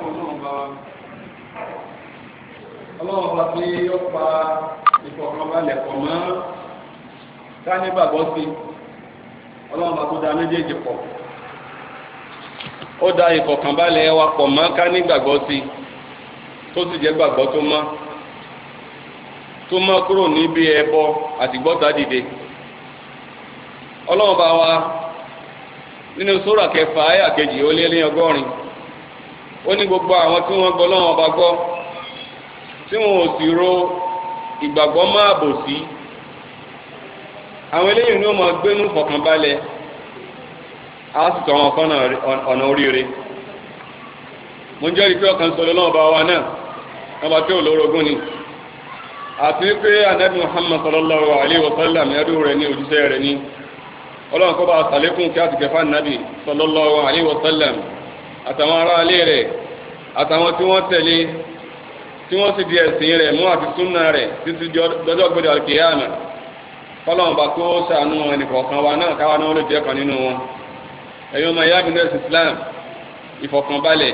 fún ọlọ́run tí ó pa ìfọ̀kànbalẹ̀ pọ̀ mọ́ káni sí ọlọ́run tó da méjèèjì pọ̀ ó da ìfọ̀kànbalẹ̀ wa pọ̀ mọ́ káni sí tó sì jẹ́ gbàgbọ́ tó mọ́ tó mọ́ kúrò níbi ẹbọ àtìgbọ́ta dìde wa nínú ó ní gbogbo àwọn tí wọ́n gbọ́ lọ́wọ́ ọba gbọ́ tí wọn ò sì ro ìgbàgbọ́ máa bò sí àwọn eléyìí ni ó máa gbénú fọkànbalẹ̀ á sì tọ́ àwọn kan ọ̀nà oríire mo ń jẹ́rìí pé ọkàn sọ̀rọ̀ lọ́wọ́ ọba wa náà ọba tí ò lórogún ni àti pé anabi muhammad sallallahu alayhi wa sallam yadu rẹ̀ ní òjíṣẹ́ rẹ̀ ní ọlọ́run kọ́ bá a sàlékún kí a ti kẹfà nàbì sallallahu alayhi wa sallam àtàwọn aráalé rẹ̀ àtàwọn tí wọ́n tẹ̀lé tí wọ́n sì di ẹ̀sìn rẹ̀ mú àti súnà rẹ̀ títí dọ́jọ́ gbọdọ̀ àlùkìyàmà kọ́lọ́n bá kó sànú ẹnìkọ̀ọ̀kan wa náà káwa náà lè jẹ́ kan nínú wọn ẹ̀yin ọmọ ìyá mi nẹ́ẹ̀sì Islam ìfọ̀kànbalẹ̀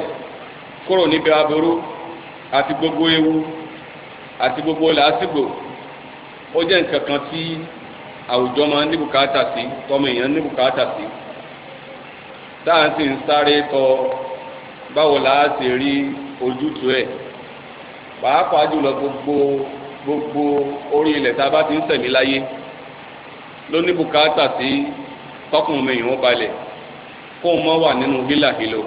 kúrò níbi aburú àti gbogbo ewu àti gbogbo làásìgbò ó jẹ́ nǹkan kan tí àwùjọ máa ń ní bùkátà sí tọmọ èèyàn ní bùkátà sí táà sì ń sáré tọ báwo la ṣe rí ojútùú ẹ̀ pàápàá jùlọ gbogbo gbogbo orí ilẹ̀ tá a bá ti ń tẹ̀mí láyé ló ní bùkátà sí tọkùnrin mi ìwọ̀n balẹ̀ kó o mọ́ wà nínú hílàhílò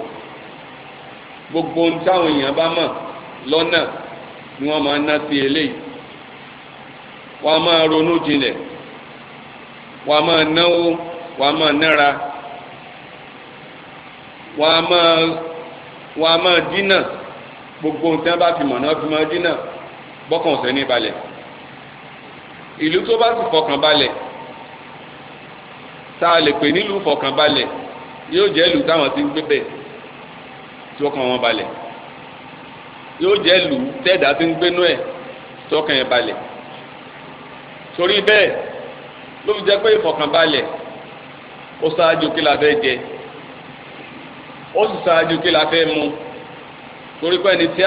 gbogbo ohun táwọn èèyàn bá mọ̀ lọ́nà ni wọ́n máa ná sí eléyìí wọ́n máa ronú jinlẹ̀ wọ́n máa náwó wọ́n máa nára wọn a máa wọn a máa dínà gbogbo nǹkan bá fi mọ̀ náà fi máa dínà bọ́kàn ọ̀sẹ̀ ní balẹ̀ ìlú tó bá sì fọkàn balẹ̀ tá a lè pè nílùú fọkàn balẹ̀ yóò jẹ́ ìlú táwọn ti ń gbé bẹ̀ tí ọkàn wọn balẹ̀ yóò jẹ́ ìlú tẹ́ẹ̀dá ti ń gbénú ẹ̀ tí ọkàn yẹn balẹ̀ torí bẹ́ẹ̀ ló fi jẹ́ pé ìfọkànbalẹ̀ ó ṣáájú kí la fẹ́ jẹ ó sì ṣáájú kí la fẹ́ mu torí pé ẹni tí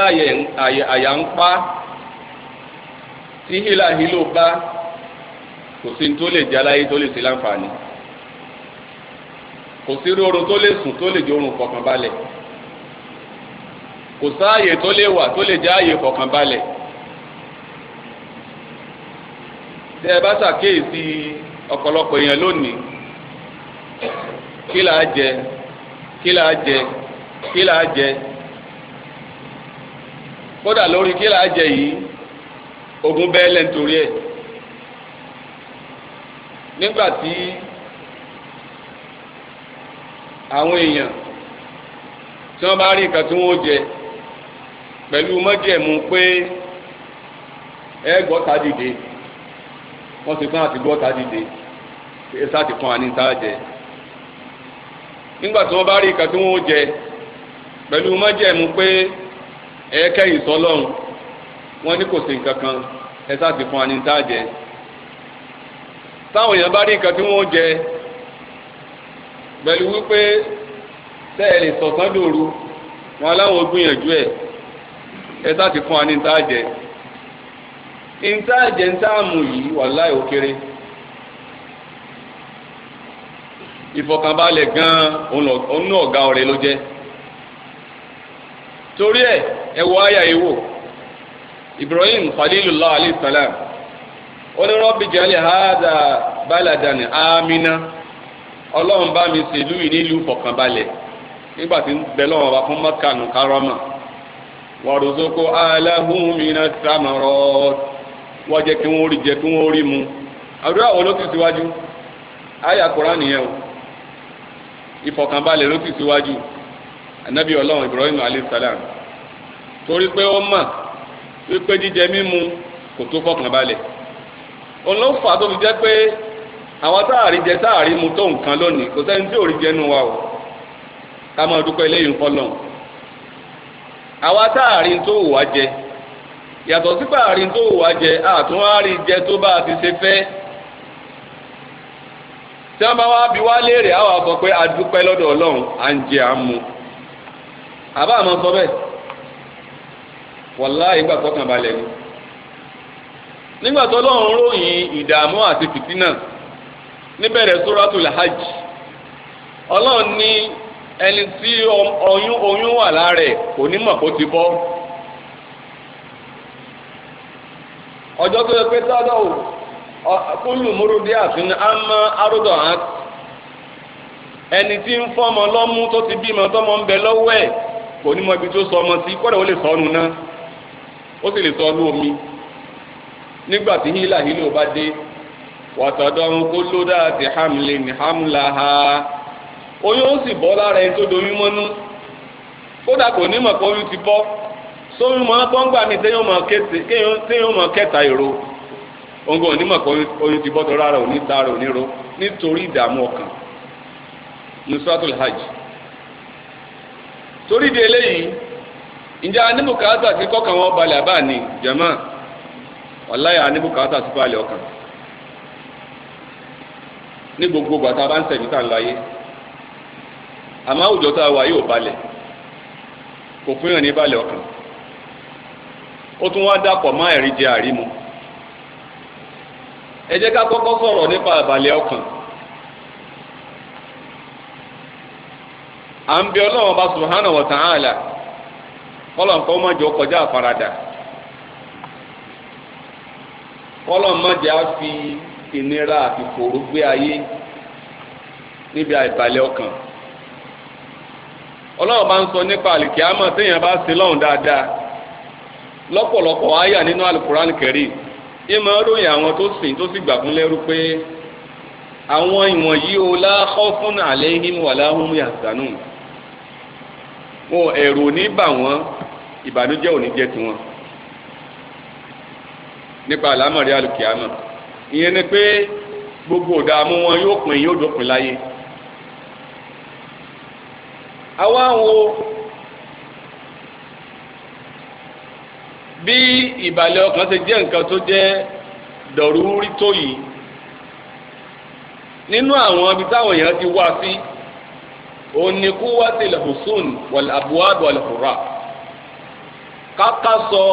àyà ń pa tí hílàhílò bá kò sí tó lè jẹ aláyé tó lè ṣe láǹfààní kò sí oorun tó lè sùn tó lè jẹ oorun fọkànbalẹ̀ kò sáàyè tó lè wà tó lè jẹ àyè fọkànbalẹ̀ tẹ ẹ bá ṣàkíyèsí ọ̀pọ̀lọpọ̀ èèyàn lónìí kí là jẹ kí là á jẹ kí là á jẹ kódà lórí kí là á jẹ yìí ogun bẹ́ẹ̀ lẹ́ nítorí ẹ̀ nígbà tí àwọn èèyàn tí wọ́n bá rí nǹkan tí wọ́n jẹ pẹ̀lú mọ́jẹ̀mú pé ẹ gbọ́ta dìde wọ́n ti fún àti gbọ́ta dìde ẹ sá ti fún wa nígbà tí wọ́n bá rí ìka tí wọ́n jẹ je mọ́jẹ̀mú pé ẹ̀ẹ́kẹ́yìn sọlọ́run wọ́n ní kò sí nǹkan kan ẹ sáàtì fún ani tá a jẹ táwọn èèyàn bá rí nǹkan tí wọ́n jẹ pẹ̀lú wípé tẹ́ ẹ lè sọ̀tán dòru wọn aláwọn gbìyànjú ẹ̀ ẹ sáàtì fún ani tá a jẹ nta ń tá a ìfọ̀kànbalẹ̀ gan an náà ọ̀gá ọ̀rẹ́ ló jẹ́ torí e, ẹ wò àyà yìí wò Ibrahim Khalilullah alayhi salam ó ní Rabbi amina ọlọ́run bá mi ṣèlú yìí nílùú fọ̀kànbalẹ̀ nígbà tí ń bẹ lọ́wọ́ wa fún mọ́kànù kárọ́mà wàrúzókò aláhùnmínà sàmọ̀rọ̀ wọ́n jẹ́ kí wọ́n rí mu àdúrà wọn ló ti síwájú àyà o. ìfọ̀kànbalẹ̀ ló sì síwájú anabi ọlọ́run ibrahim alayhisalam torí pé ó mọ̀ wípé jíjẹ mímu kò tó fọ̀kànbalẹ̀ òun ló fà tó fi jẹ́ pé àwọn táàrí jẹ táàrí mu tó nǹkan lónìí kò sẹ́ni tí ò rí jẹnu wa o ká máa dúpẹ́ lẹ́yìn fọlọ́n àwa táàrí tó wà jẹ yàtọ̀ sí pààrí tó wà jẹ àtúnwárí jẹ tó bá a ti ṣe fẹ́ẹ́ tí wọ́n bá wá bí wá léèrè àwọn àbọ̀ pé adúpẹ́ lọ́dọ̀ ọlọ́run à ń jẹ à ń mu àbá àmọ́ sọ bẹ́ẹ̀ wàláhì ìgbà tọkàn balẹ̀ ni nígbà tó lọ́run ròyìn ìdààmú àti fìtínà níbẹ̀rẹ̀ suratul hajj ọlọ́run ní ẹni tí oyún oyún wà lára ẹ̀ kò ní mọ̀ kó ti bọ́ ọjọ́ tó yẹ pé sádọ̀ ò. kúlù múrúdí a àmọ́ arúdọ̀ hàn ẹni tí ń fọ́mọ lọ́mú tó ti bímọ tọ́mọ ń bẹ lọwọ ẹ kò ní mọ ibi tó sọ ọmọ ó sọ ọ́nù náà ó sì lè sọ omi nígbà tí hílà hílò bá dé wàtọ̀dọ̀ ń kó lódà hamlin oyún ó sì bọ́ lára ẹni tó doyún mọ́nú kódà kò ní mọ̀ oyún ti bọ́ sóyún mọ́ téèyàn mọ̀ òǹgọ̀ onímọ̀ onye oyún ti bọ́tọ̀ rárá òní tààrà òní nítorí ìdààmú ọkàn ní hajj torí di eléyìí ǹjẹ́ aníbùkátà sí kọ́kàn wọn balẹ̀ àbá ni jẹ̀mọ́ ọ̀láyà aníbùkátà sí balẹ̀ ọkàn ní gbogbo gbàtà bá ń tẹ̀mí tà ń láyé àmọ́ àwùjọ tá a wà yóò balẹ̀ kò fún yàn ní balẹ̀ ọkàn ó tún wá dàpọ̀ ẹ jẹ́ ká kọ́kọ́ sọ̀rọ̀ nípa àbàlẹ̀ ọkàn à ń bẹ ọlọ́run bá subhanahu wa ta'ala kọ́lọ̀ nǹkan má jẹ́ ọkọjá àfaradà kọ́lọ̀ má jẹ́ á fi ìnira àti fòrò gbé ayé níbi àìbàlẹ̀ ọkàn ọlọ́run bá ń sọ nípa àlìkíyàmọ̀ téèyàn bá ṣe lọ́hùn dáadáa lọ́pọ̀lọpọ̀ àyà nínú àlùkùránì kẹrì ìmọ̀ ròyìn àwọn tó sìn tó sì gbà fún lẹ́rú pé àwọn ìwọ̀nyí o láàkọ́ fún àlẹ́yìn wà láhùn yàtànù wọn ẹ̀rù ní bà wọ́n ìbànújẹ́ ò ní jẹ́ tiwọn nípa àlámọ̀rí àlùkìámọ̀ ìyẹn ni pé gbogbo ìdààmú wọn yóò pin yóò dópin láyé àwa wo bí ìbàlẹ̀ ọkàn ṣe jẹ́ nǹkan tó jẹ́ dọ̀rúurí tó yìí nínú àwọn ibi táwọn èèyàn ti wá sí òun ni kú wá sí ilẹ̀kùnsùn wàlàbùwàdù wàlàkùrà káká sọ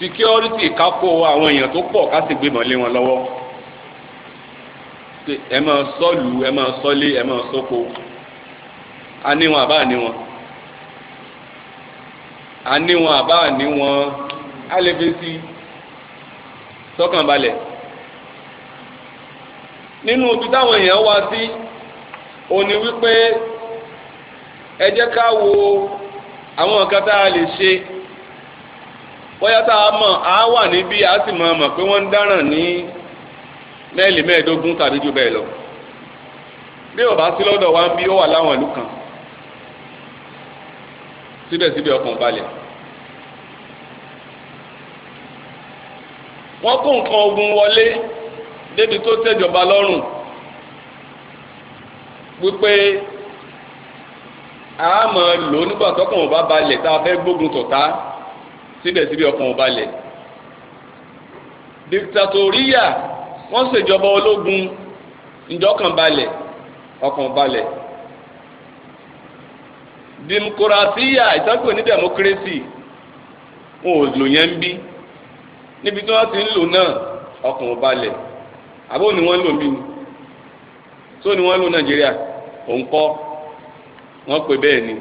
security kákó àwọn èèyàn tó pọ̀ ká sì gbé mọ́lé wọn lọ́wọ́ ẹ máa sọ́ọ̀lù ẹ máa sọ́lé ẹ máa sọ́kò a ní wọn àbá ní wọn àníwọn àbá àníwọn alẹ́fẹ́sí sọ́kànbalẹ̀ nínú ibi táwọn èèyàn wá sí òní wípé ẹ jẹ́ ká wo àwọn nǹkan tá a lè ṣe bóyá tá a mọ̀ á wà níbí a sì máa mọ̀ pé wọ́n ń dáràn ní mẹ́ẹ̀lì mẹ́ẹ̀ẹ́dógún tàbí jù bẹ́ẹ̀ lọ bí ò bá sí lọ́dọ̀ wa ń bí ó wà láwọn ìlú kan síbẹ̀síbẹ̀ ọkàn balẹ̀. wọ́n kó nǹkan ogun wọlé débi tó tẹ̀jọba lọ́rùn wípé a máa lò nígbà tọkàn ò balẹ̀ tá a fẹ́ gbógun tọ̀tá síbẹ̀síbẹ̀ ọkàn ò balẹ̀. dìtàtòríyà wọ́n ṣèjọba ológun ǹjọ́ kan balẹ̀ ọkàn balẹ̀ dimokurasiya ìtàkùn ní democracy wọn ò lò yẹn ń bí níbi tí wọ́n ti ń lò náà ọkàn ò balẹ̀ àbó ni wọ́n lò bí ni tó ni wọ́n lò nàìjíríà òun kọ́ wọ́n pè bẹ́ẹ̀ ni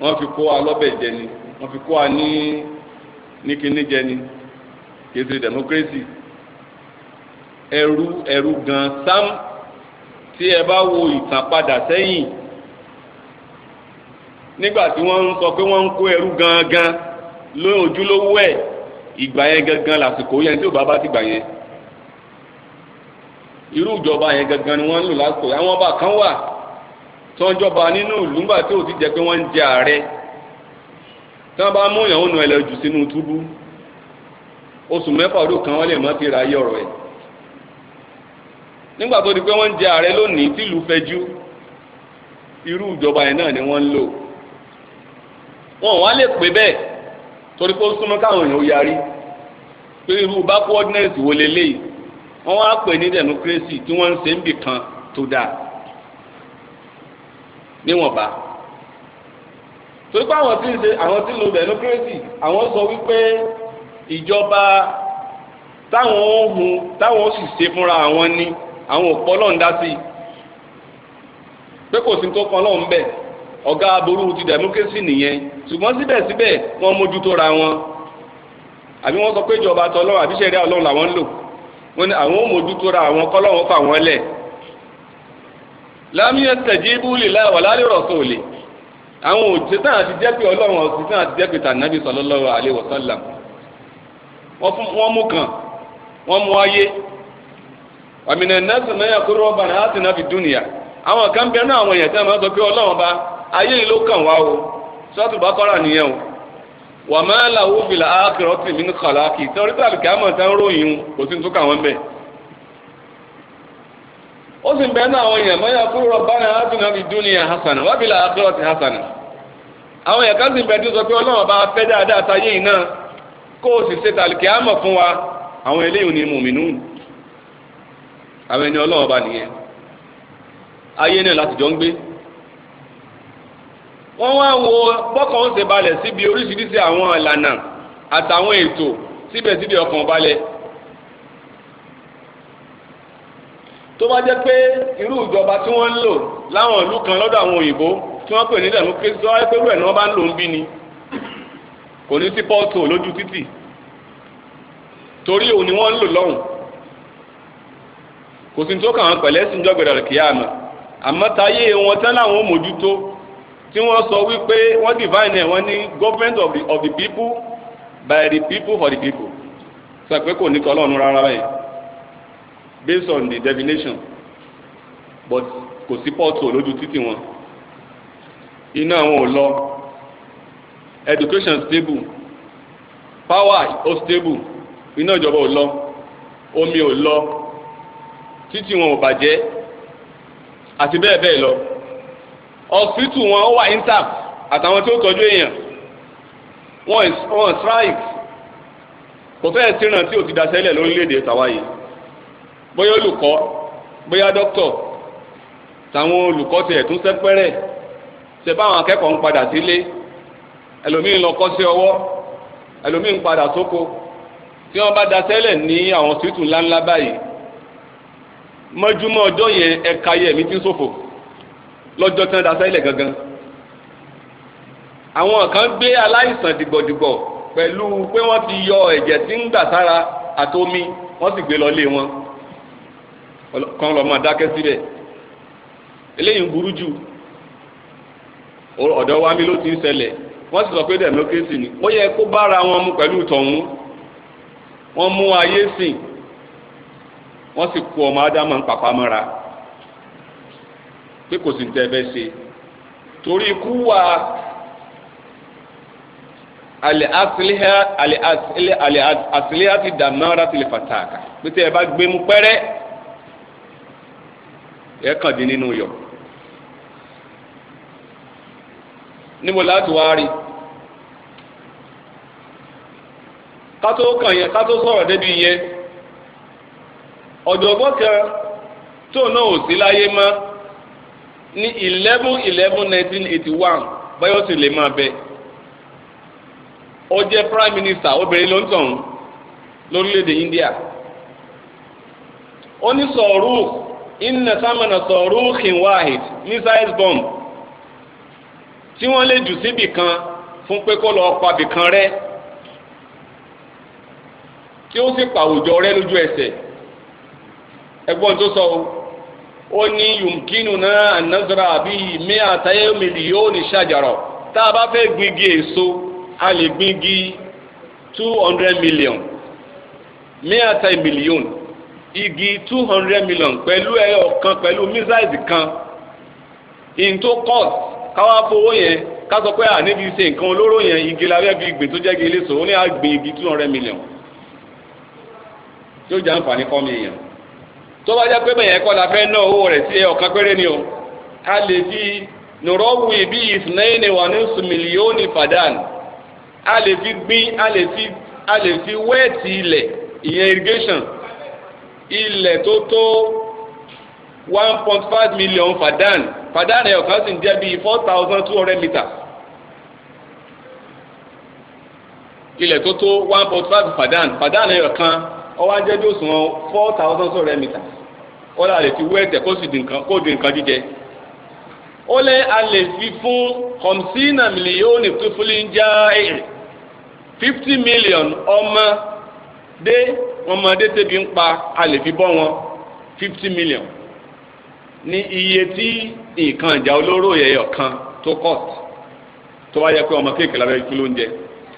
wọ́n fi kó wa lọ́bẹ̀ jẹ ni wọ́n fi kó wa ní ní kíní jẹ ni kìí democracy ẹrú ẹrú gan sam tí ẹ bá wo ìtàn padà sẹ́yìn nígbà tí wọ́n ń sọ pé wọ́n ń kó ẹrú gangan ló ojúlówó ẹ̀ ìgbà yẹn gangan lásìkò yẹn tí ò bá bá ti gbà yẹn irú ìjọba yẹn gangan ni wọ́n ń lò lásìkò àwọn ọba kan wà tí wọ́n jọba nínú ìlú ńgbà tí ò ti jẹ́ pé wọ́n ń jẹ ààrẹ tí wọ́n bá mú ìyàwó nu ẹlẹ́jù sínú túbú oṣù mẹ́fà ọdún kan wọ́n lè mọ́ ti ra ayé ọ̀rọ̀ ẹ̀ nígbà tó di pé wọ́n ń jẹ ààrẹ lónìí tìlú fẹjú irú ìjọba yẹn náà ni wọ́n ń lò wọn ò wá lè pè bẹ́ẹ̀ torí pé ó súnmọ́ káwọn èèyàn ó yarí pé irú backwardness wo leléyìí wọ́n wá pè ní democracy tí wọ́n ń ṣe ń bì kan tó dáa níwọ̀nba torí pé àwọn tí ń ṣe àwọn tí ń lo democracy àwọn sọ wípé ìjọba táwọn ó hun táwọn ó sì ṣe fúnra àwọn ni àwọn òpó lọ́n dá sí i pé kò sí tó kan lọ́n bẹ́ẹ̀ ọ̀gá aburú ti democracy nìyẹn ṣùgbọ́n síbẹ̀síbẹ̀ wọ́n mójútó ra wọn àbí wọ́n sọ pé ìjọba tọlọ́run àbí ṣẹ̀ríà Ọlọ́run làwọn ń lò wọ́n ní àwọn ò mójútó ra àwọn kọ́lọ́wọ́n fà wọ́n lẹ̀ lámìyẹ tẹ̀jíbú lìlá wà lálẹ́ rọ̀sọ̀ òlè àwọn òṣìṣẹ́ àti jẹ́pẹ̀ Ọlọ́run òṣìṣẹ́ àti jẹ́pẹ̀ tànàbí sallallahu alaihi wasallam wọ́n mú kàn wọ́n mú ayé àmì nàìjíríà náà yà kúrò ọba náà á sì náà fi dúnìyà àwọn kan bẹ́ẹ̀ àwọn èèyàn tẹ́ ẹ máa sọ pé Ọlọ́run bá ayé yìí ló kàn wá o sọ́ọ̀tù Bákọ́rà nìyẹn o wà má làwù bìlà ákìrọ́tì mi ní kàlákì torí pé àlùkìyámọ̀ ń ròyìn kò sí ó sì ń bẹ́ẹ̀ náà àwọn èèyàn mọ́yà dún ní wà bìlà hasana. àwọn èèyàn kan sì ń bẹ́ẹ̀ sọ pé ọlọ́run bá fẹ́ dáadáa táyé yìí náà kó o sì ṣe tàlùkìyámọ̀ fún wa àwọn eléyìí ni mùmínú wọ́n wá wo bọ́kàn ó ṣe balẹ̀ síbi oríṣiríṣi àwọn ìlànà àtàwọn ètò síbẹ̀síbẹ̀ ọkàn balẹ̀ tó bá jẹ́ pé irú ìjọba tí wọ́n ń lò láwọn ìlú kan lọ́dọ̀ àwọn òyìnbó tí wọ́n pè ní democracy tó wáyé pé rú ẹ̀ náà bá ń lò ń bí ni kò ní sí pọ́ọ̀tù lójú títì torí òun ni wọ́n ń lò lọ́hùn kò sí tó kàn án pẹ̀lẹ́sìn jọ́gbẹ̀dọ̀ kìí àmọ́ àmọ́ táyé wọn tán láwọn ò mójútó tí wọ́n sọ wípé wọ́n divine ẹ̀ wọ́n ní government of the of the people by the people for the people sọ pé kò ní tọ́lọ́run rárá báyìí based on the definition but kò sí pọ́ọ̀tù olójú títì wọn iná àwọn ò lọ education stable power ó stable iná ìjọba ò lọ omi ò lọ títì wọn ò bàjẹ́ àti bẹ́ẹ̀ bẹ́ẹ̀ lọ hospital wọn ó wà intap àtàwọn tó tọ́jú èèyàn wọn wọn strike kò fẹ́ẹ̀ síràn tí ò ti daṣẹ́lẹ̀ lórílẹ̀‐èdè tàwa yìí bóyá olùkọ́ bóyá dókítọ̀ tàwọn olùkọ́ tiẹ̀ tún sẹ́pẹ́rẹ́ ṣe báwọn akẹ́kọ̀ọ́ ń padà sílé ẹlòmíín lọ kọ́ sí ọwọ́ ẹlòmíín ń padà sóko tí wọ́n bá daṣẹ́lẹ̀ ní àwọn hospital ńláńlá báyìí mọ́júmọ́ ọjọ́ yẹn ẹ̀ka yẹ̀mí ti ń ṣòfò. So lọ́jọ́ tí wọ́n da sẹ́lẹ̀ gangan àwọn kan gbé aláìsàn dìgbòdìgbò pẹ̀lú pé wọ́n ti yọ ẹ̀jẹ̀ tí ń gbà sára àtomi wọ́n sì gbé lọ lé wọn kan lọ́ọ́ máa dákẹ́ síbẹ̀ eléyìí ń burú jù ọ̀dọ̀ wa mi ló ti ń ṣẹlẹ̀ wọ́n sì sọ pé democracy ni ó yẹ kó bára wọn mu pẹ̀lú tọ̀hún wọ́n mú ayé sìn wọ́n sì kó ọmọ ádámọ̀ ń pàpà mọ́ra. pé kò sí ní tẹ́fẹ́ ṣe torí ikú wa àlẹ́ àti dàmára ti lè fàtàkà pé tẹ́ ẹ bá gbé mú pẹ́rẹ́ ẹ kàn dín nínú yọ. níbo láti wá rí kátó kàn yẹn kátó sọ̀rọ̀ débi yẹn ọ̀jọ̀gbọ́n kan tó náà ò sí láyé mọ́. ní eleven eleven nineteen eighty one báyọ̀ sì lè máa bẹ ó jẹ́ prime minister obìnrin ló ń tàn lórílẹ̀‐èdè India ó ní sọ̀rú iná sámánà sọ̀rú hinwahid ní size bomb tí wọ́n lè jù síbì kan fún pé kó lọ́ọ́ pabì kan rẹ́ tí ó sì pàwùjọ rẹ́ lójú ẹsẹ̀ ẹgbọ́n tó sọ o. ó ní yùmkínú náà ànágbára àbí mi àtàyè mílíọ̀nù ṣàjàrọ̀ tá a bá fẹ́ a le gbigi igi million igi 200,000,000 million pẹ̀lú ẹyọ kan pẹ̀lú mísáìsì kan into cost yẹn sọ pé ṣe nǹkan igi la fẹ́ fi tó jẹ́ eléso ó ní igi million jẹ́ tó bá jẹ́ pé bẹ̀yẹn kọ́ la fẹ́ ná owó rẹ̀ sí ọ̀kan péré ni o ká lè fi nùrọ̀wù bí ìsìnẹ́yìnì wà ní sùmìlíọ́nì fàdán a lè fi gbìn a lè fi wẹ́ẹ̀tì ilẹ̀ ìyẹn irrigation ilẹ̀ tó tó one point five million fàdán fàdán ẹ̀ ọ̀kan sì ń jẹ́ bíi four thousand two hundred meters ilẹ̀ tó tó one point five fàdán fàdán ẹ̀ ọ̀kan ó wá jẹ́ four thousand two hundred meters ó là lè fi wú ẹ̀tẹ̀ kó sì di nǹkan kó di nǹkan jíjẹ ó lé a lè fi fún kọ̀msínà mílíọ̀nù pípúlì ń já èrè fifty million ọmọ dé ọmọdé tẹ́bi ń pa a lè fi bọ́ wọn fifty million ní iye tí nǹkan ìjà olóró yẹyọ kan tó cost tó wá yẹ pé ọmọ kéèké lábẹ́ ikú ló ń jẹ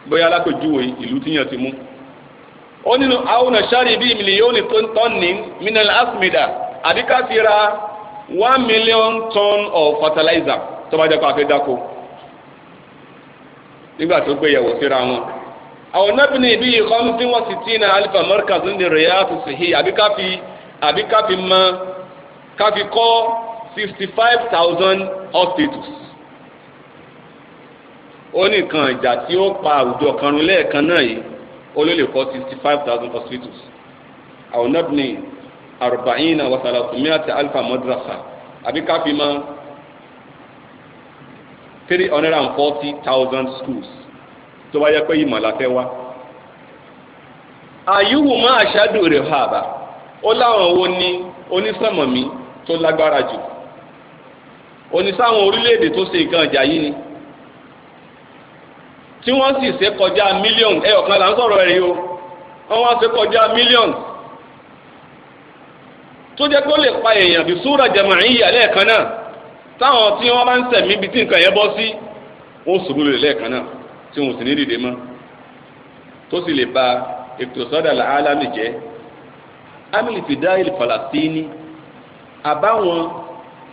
bóyá alákòjúwe ìlú tíyàn ti mú ó nínú àwọn ọ̀nà sáré bíi mílíọ̀nù tó ń tọ́ni mínàlá asmida àbí ká fi ra one million ton of fertilizer tó bá jẹ́ pé a fẹ́ dáko nígbà tó gbé yẹ̀wò síra wọn. àwọn nọ́bìnì bí ìkọ́nù tí wọ́n sì tí na alifa markaz ní rẹ̀ á ti sèhí àbí ká fi àbí ká fi mọ ká fi kọ́ sixty five thousand hospitals ó ní nǹkan ìjà tí ó pa àwùjọ kanrun lẹ́ẹ̀kan náà yìí ó ló lè kọ́ sixty five thousand hospitals àwọn nọ́bìnì arba'ina wa thalathumiyati alfa madrasa àbí ká ma three hundred and forty thousand schools tó bá yẹ pé ìmọ̀ la wá. àyùwò máa ṣáàdù rẹ̀ hà bá ó láwọn ni onísànmọ̀mí tó lágbára jù onísàwọn orílẹ̀-èdè tó ṣe nǹkan ni tí wọ́n sì ṣe kọjá mílíọ̀nù ẹ̀yọ̀kan là ń sọ̀rọ̀ yìí o wọ́n wá ṣe kọjá mílíọ̀nù tó jẹ́ kó lè pa èèyàn bí súra jama'iyya lẹ́ẹ̀kan náà táwọn tí wọ́n bá ń sẹ̀mí ibi tí nǹkan yẹn bọ́ sí ó ṣubú lulẹ̀ lẹ́ẹ̀kan náà tí wọ́n sì ní dìde mọ́ tó sì lè ba ètò sọ́dà làálàmì jẹ́ amílì fìdáìlì Falastini àbáwọn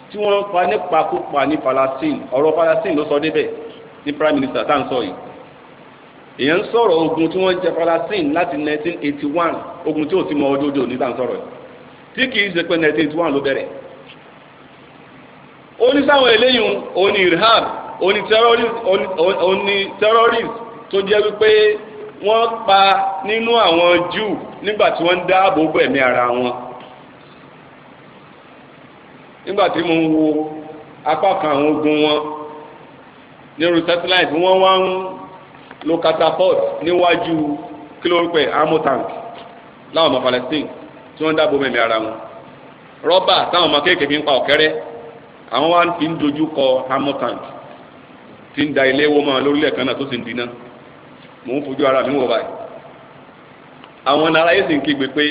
tí wọ́n pa nípa kópa ní Palestine ọ̀rọ̀ Palestine ló sọ débẹ̀ ní prime minister tá à ń sọ yìí èèyàn ń sọ̀rọ̀ ogun tí wọ́n jẹ Palestine láti 1981 ogun tí ò ti mọ ọjọ́jọ́ ní tá à ń sọ̀rọ̀ yìí tí kìí ṣe pé nineteen twenty one ló bẹ̀rẹ̀ ó ní sáwọn eléyìí òun ní irhab terrorist òun ní terrorist tó jẹ́ wípé wọ́n pa nínú àwọn Júù nígbà tí wọ́n ń dáàbò bo ẹ̀mí ara wọn nígbà tí mo ń wo apá kan àwọn ogun wọn nírú satellite wọ́n wá ń lo catapult níwájú kí ló ń pè ammo tank láwọn ọmọ Palestine tí wọ́n ń ara wọn rọ́bà táwọn ọmọ kéékèèké ń pa ọ̀kẹ́rẹ́ àwọn wa ti ń dojú kọ ti ń da ilé wọ́n lórílẹ̀ kan náà tó sì ń dínà mò ń fojú ara mi wọ̀ báyìí àwọn ará yìí sì ń kígbe pé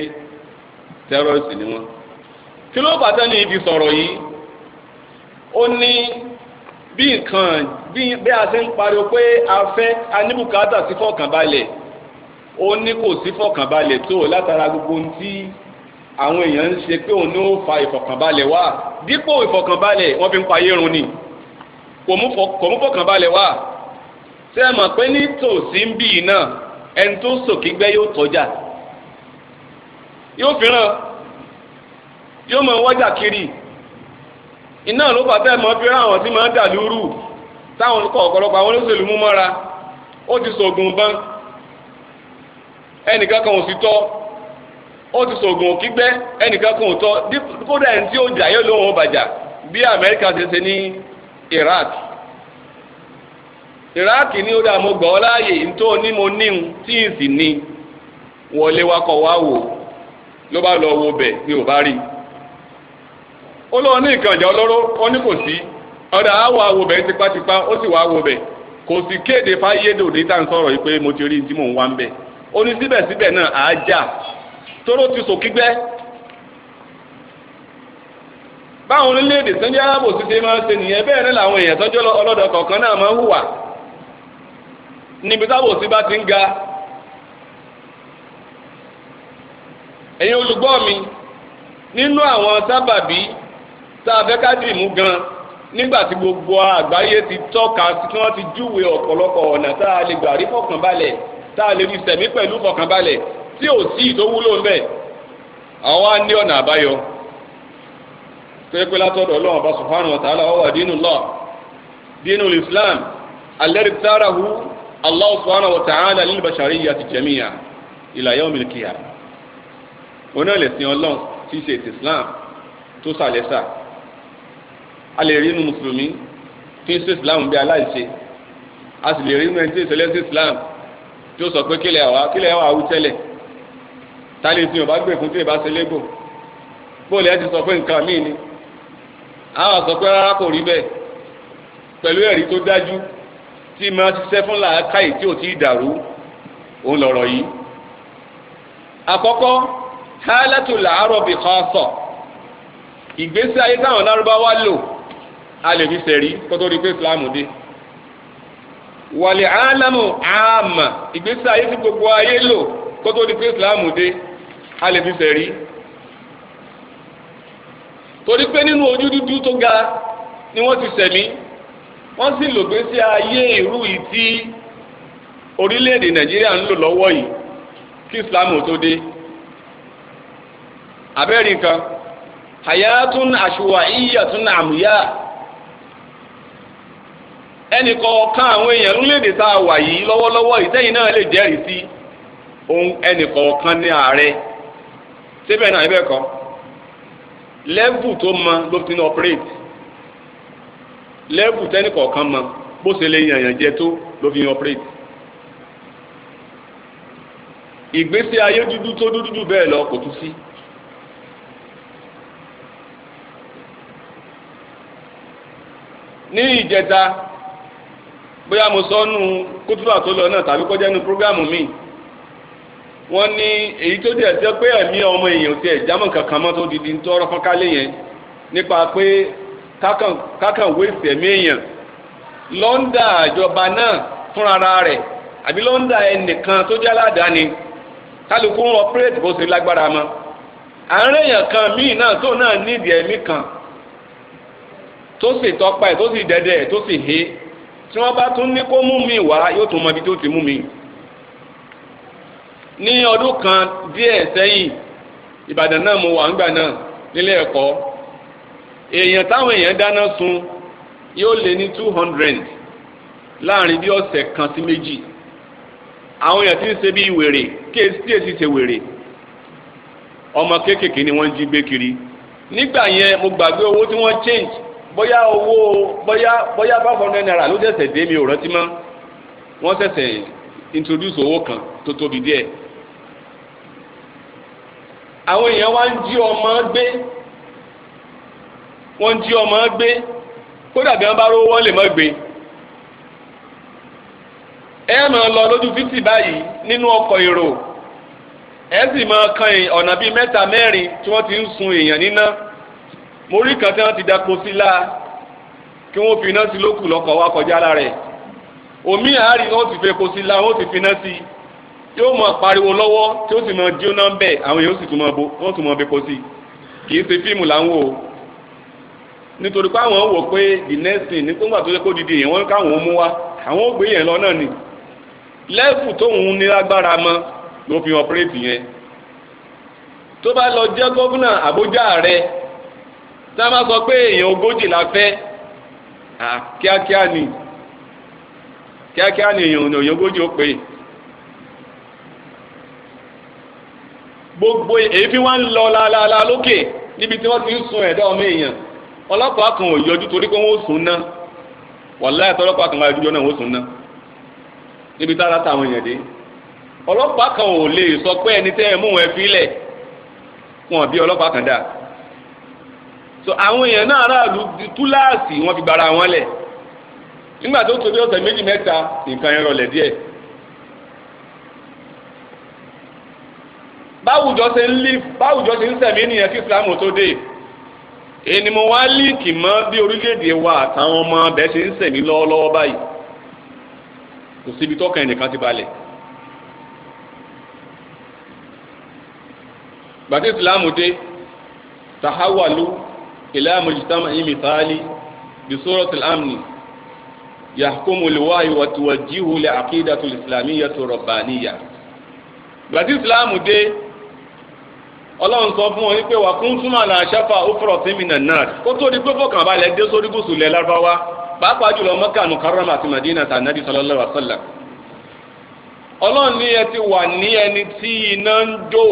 ni wọ́n kí ló bàtà ní ibi sọ̀rọ̀ yìí ó ní bí nǹkan bí a ṣe ń pariwo pé a fẹ́ sí ó ní kò gbogbo àwọn èèyàn ń ṣe pé òun ló fa ìfọ̀kànbalẹ̀ wá dípò ìfọ̀kànbalẹ̀ wọ́n fi ń pa yérun ni kò mú fọ̀kànbalẹ̀ wá tí ẹ mọ̀ pé ní tòsí ń bì náà ẹni tó sòkè gbẹ́ yóò tọ́jà yóò ràn yóò mọ wọ́jà kiri iná ló fà fẹ́ mọ́ fìràn àwọn tí máa ń dà lúrù táwọn ọ̀pọ̀lọpọ̀ àwọn olóṣèlú mú mọ́ra ó ti sògùn bán ẹnìkan kan ò sì tọ́ ó ti sògùn òkígbẹ́ ẹnìkan kan ò kódà ẹni tí ó jà yóò lóun bí amẹ́ríkà ṣe ṣe ní iraq iraq ni ó dà gbọ́ láàyè nítorí ní mo tí ì sì ní wọlé wa kọ wá wò ló wo bẹ̀ ni ò bá rí ó lọ ní ìkànjá olóró ó ní kò sí ọ̀dà àwọ̀ àwòbẹ̀ tipátipá ó sì wá àwòbẹ̀ kò sì kéde tá à ń sọ̀rọ̀ yìí pé mo ti rí mò ń wá ń bẹ̀ ó tóró ti sòkígbẹ́ báwọn orílẹ̀-èdè sẹ́ńdí arábò ti ṣe máa ń ṣe nìyẹn bẹ́ẹ̀ náà làwọn èèyàn tọ́jú ọlọ́dọ̀ kọ̀ọ̀kan náà máa ń hùwà níbi táwọn òsì bá ti ń ga ẹ̀yin olùgbọ́ mi nínú àwọn sábàbí tá a fẹ́ ká dì mú gan nígbà tí gbogbo àgbáyé ti tọ́ka tí wọ́n ti júwe ọ̀pọ̀lọpọ̀ ọ̀nà tá a lè gbà rí fọkànbalẹ̀ tá a lè rí sẹ̀mí pẹ̀lú fọkànbalẹ̀ tí ò sí ìdówúlò ń bẹ̀ àwọn wá ní ọ̀nà àbáyọ pẹ́ẹ́pẹ́ látọ̀dọ̀ ọlọ́run ọba subhanahu wa ta'ala wa dinullah dinul islam alladhi ibtarahu ọlọ́run tí í ṣe ètò islam tó sàlẹ́sà a lè rí inú mùsùlùmí tí ń ṣe islam bí aláìṣe a sì lè rí inú ẹni tí islam tí ó sọ pé tálẹ̀ tí yóò bá gbé fún tí yóò bá ṣe lébò bóòlù ẹ ti sọ pé nǹkan míì ni àwọn sọ pé rárá kò rí bẹ́ẹ̀ pẹ̀lú ẹ̀rí tó dájú tí máa ṣiṣẹ́ fún làákàyè tí ò tí ì dàrú òun lọ̀rọ̀ yìí. àkọ́kọ́ hálàtù làárọ̀ bì kan sọ ìgbésí ayé táwọn lárúbáwá lò a lè fi ṣẹ̀rí kó tó pé ìsìláàmù dé. wàlẹ̀ álámù àmà ìgbésí ayé tí gbogbo ayé lò kótó di pé islamu dé a lè fi sẹ̀rí torí pé nínú ojú dúdú tó ga ni wọ́n ti sẹ̀mí wọ́n sì lò pé sí ayé irú yìí tí orílẹ̀-èdè nàìjíríà ń lò lọ́wọ́ yìí kí islamu tó dé abẹ́rẹ́ nǹkan hayatun aṣùwà iyatun amuya ẹnì àwọn èèyàn orílẹ̀-èdè tá a wà yìí lọ́wọ́lọ́wọ́ ìtẹ́yìn ohun ẹnìkọ̀ọ̀kan ní ààrẹ síbẹ̀ náà ibẹ̀ kọ́ lẹ́bù tó mọ ló ti ń ọ̀pẹ́rẹ́tì lẹ́bù tẹ́nìkọ̀ọ̀kan mọ bó ṣe lè yànyàn jẹ tó ló fi ń ọ̀pẹ́rẹ́tì ìgbésí ayé dúdú tó dúdú jù bẹ́ẹ̀ lọ kò tún sí. ní ìjẹta bóyá mo sọ nù kótópà tó lọ náà tàbí kọjá nù prógámù míì wọn ní èyí tó dẹ̀ jẹ́ pé ẹ̀mí ọmọ èèyàn ti ẹ̀jámọ̀ kankan mọ́ tó didi ń tọrọ fọ́nkálẹ̀ yẹn nípa pé kákan wéèsì ẹ̀mí èèyàn lọ́ńdà ìjọba náà fúnra rẹ̀ àbí lọ́ńdà ẹnìkan tó jẹ́ aládàáni kálukú ń ọpẹ́rẹ́tì bó ṣe lágbára mọ́ àárín èèyàn kan míì náà tó náà nídìí ẹ̀mí kan tó sì tọpa ẹ̀ tó sì dẹ́dẹ́ ẹ̀ tó sì he tí wọ́n bá tún ní kó mú mi wá yóò tún mọ ní ọdún kan díẹ̀ sẹ́yìn ìbàdàn náà mo wà ńgbà náà nílé ẹ̀kọ́ èèyàn táwọn èèyàn dáná sun yóò lé ní two hundred láàrin bí ọ̀sẹ̀ kan sí méjì àwọn èèyàn ti ń ṣe bíi wèrè kí èsì ṣe wèrè ọmọ kéékèèké ni wọ́n ń jí gbé kiri nígbà yẹn mo gbàgbé owó tí wọ́n change bóyá owó bóyá bóyá five hundred naira ló ṣẹ̀ṣẹ̀ dé mi ò rántí mọ́ wọ́n ṣẹ̀ṣẹ̀ introduce owó kan tó tóbi díẹ̀ àwọn èèyàn wá ń jí ọmọ gbé wọ́n ń jí ọmọ gbé kódà bí wọ́n bá rówó wọ́n lè mọ́ gbé ẹ máa lọ lójú títì báyìí nínú ọkọ̀ èrò ẹ sì máa kan ọ̀nà bíi mẹ́ta mẹ́rin tí wọ́n ti ń sun èèyàn níná mo rí kan tí wọ́n ti dapò sí láa kí wọ́n fi iná sí lókù lọ́kọ̀ wá kọjá lára ẹ̀ omi àárín wọn ti fẹ́ kó sí láa wọn ti fi iná sí i. yóò máa pariwo lọ́wọ́ tí ó sì máa jóná bẹ́ẹ̀ àwọn èèyàn sì tún máa bo wọ́n tún máa bẹ́kọ sí i kì í ṣe fíìmù nítorí pé àwọn wò pé the next thing ní kóńgbà tó yẹ kó dìde yẹn wọ́n káwọn mú àwọn gbé yẹn lọ náà lẹ́fù fi yẹn tó bá lọ jẹ́ gómìnà àbójà rẹ. tá a sọ pé èèyàn ogójì la fẹ́ kíákíá ni kíákíá ni ogójì ó pè gbogbo èéfín wa ń lọ laalala lókè níbi tí wọ́n ti ń sun ẹ̀dá ọmọ èèyàn ọlọ́pàá kan ò yọjú torí pé wọ́n ó sùn náà wàláyà tó ọlọ́pàá kan wà lójújọ́ náà wọ́n ó sùn náà níbi tára táwọn èèyàn dé ọlọ́pàá kan ò lè sọ pé ẹni tẹ́ ẹ mú wọn fi lẹ̀ wọn bí ọlọ́pàá kan dà so àwọn èèyàn náà aráàlú túláàsì wọn fi gbara wọn lẹ̀ nígbà tó tóbi ọ̀sẹ̀ méjì mẹ́ta nǹkan yẹn rọlẹ̀ díẹ̀ báwùjọ ṣe ń lif báwùjọ ṣe ń sẹ̀mí ènìyàn kí islam tó dé èni mo wá líǹkì mọ́ bí orílẹ̀-èdè wa àtàwọn ọmọ bẹ́ẹ̀ ṣe ń sẹ̀mí lọ́wọ́lọ́wọ́ báyìí kò síbi tọ́kàn ẹnìkan ti balẹ̀. gbàtí islam dé tahawalu ilé amòjìtàmà yìí mìtàlí bisuratul amni yahkumu liwayi wa li aqidatu islamiyya rabbaniya gbàtí islam dé ọlọ́run sọ fún ọ wípé wà fún súnmọ́ là ṣẹ́fà ófúrọ̀ fímìnà náà kó tó di pé fọkànbalẹ̀ dé sórí gúúsù lẹ̀ lárúbáwá pàápàá jùlọ mọ́kànù karama àti madina tànàbí sallallahu alaihi wasallam. ọlọ́run ní ẹ ti wà ní ẹni tí iná ń jó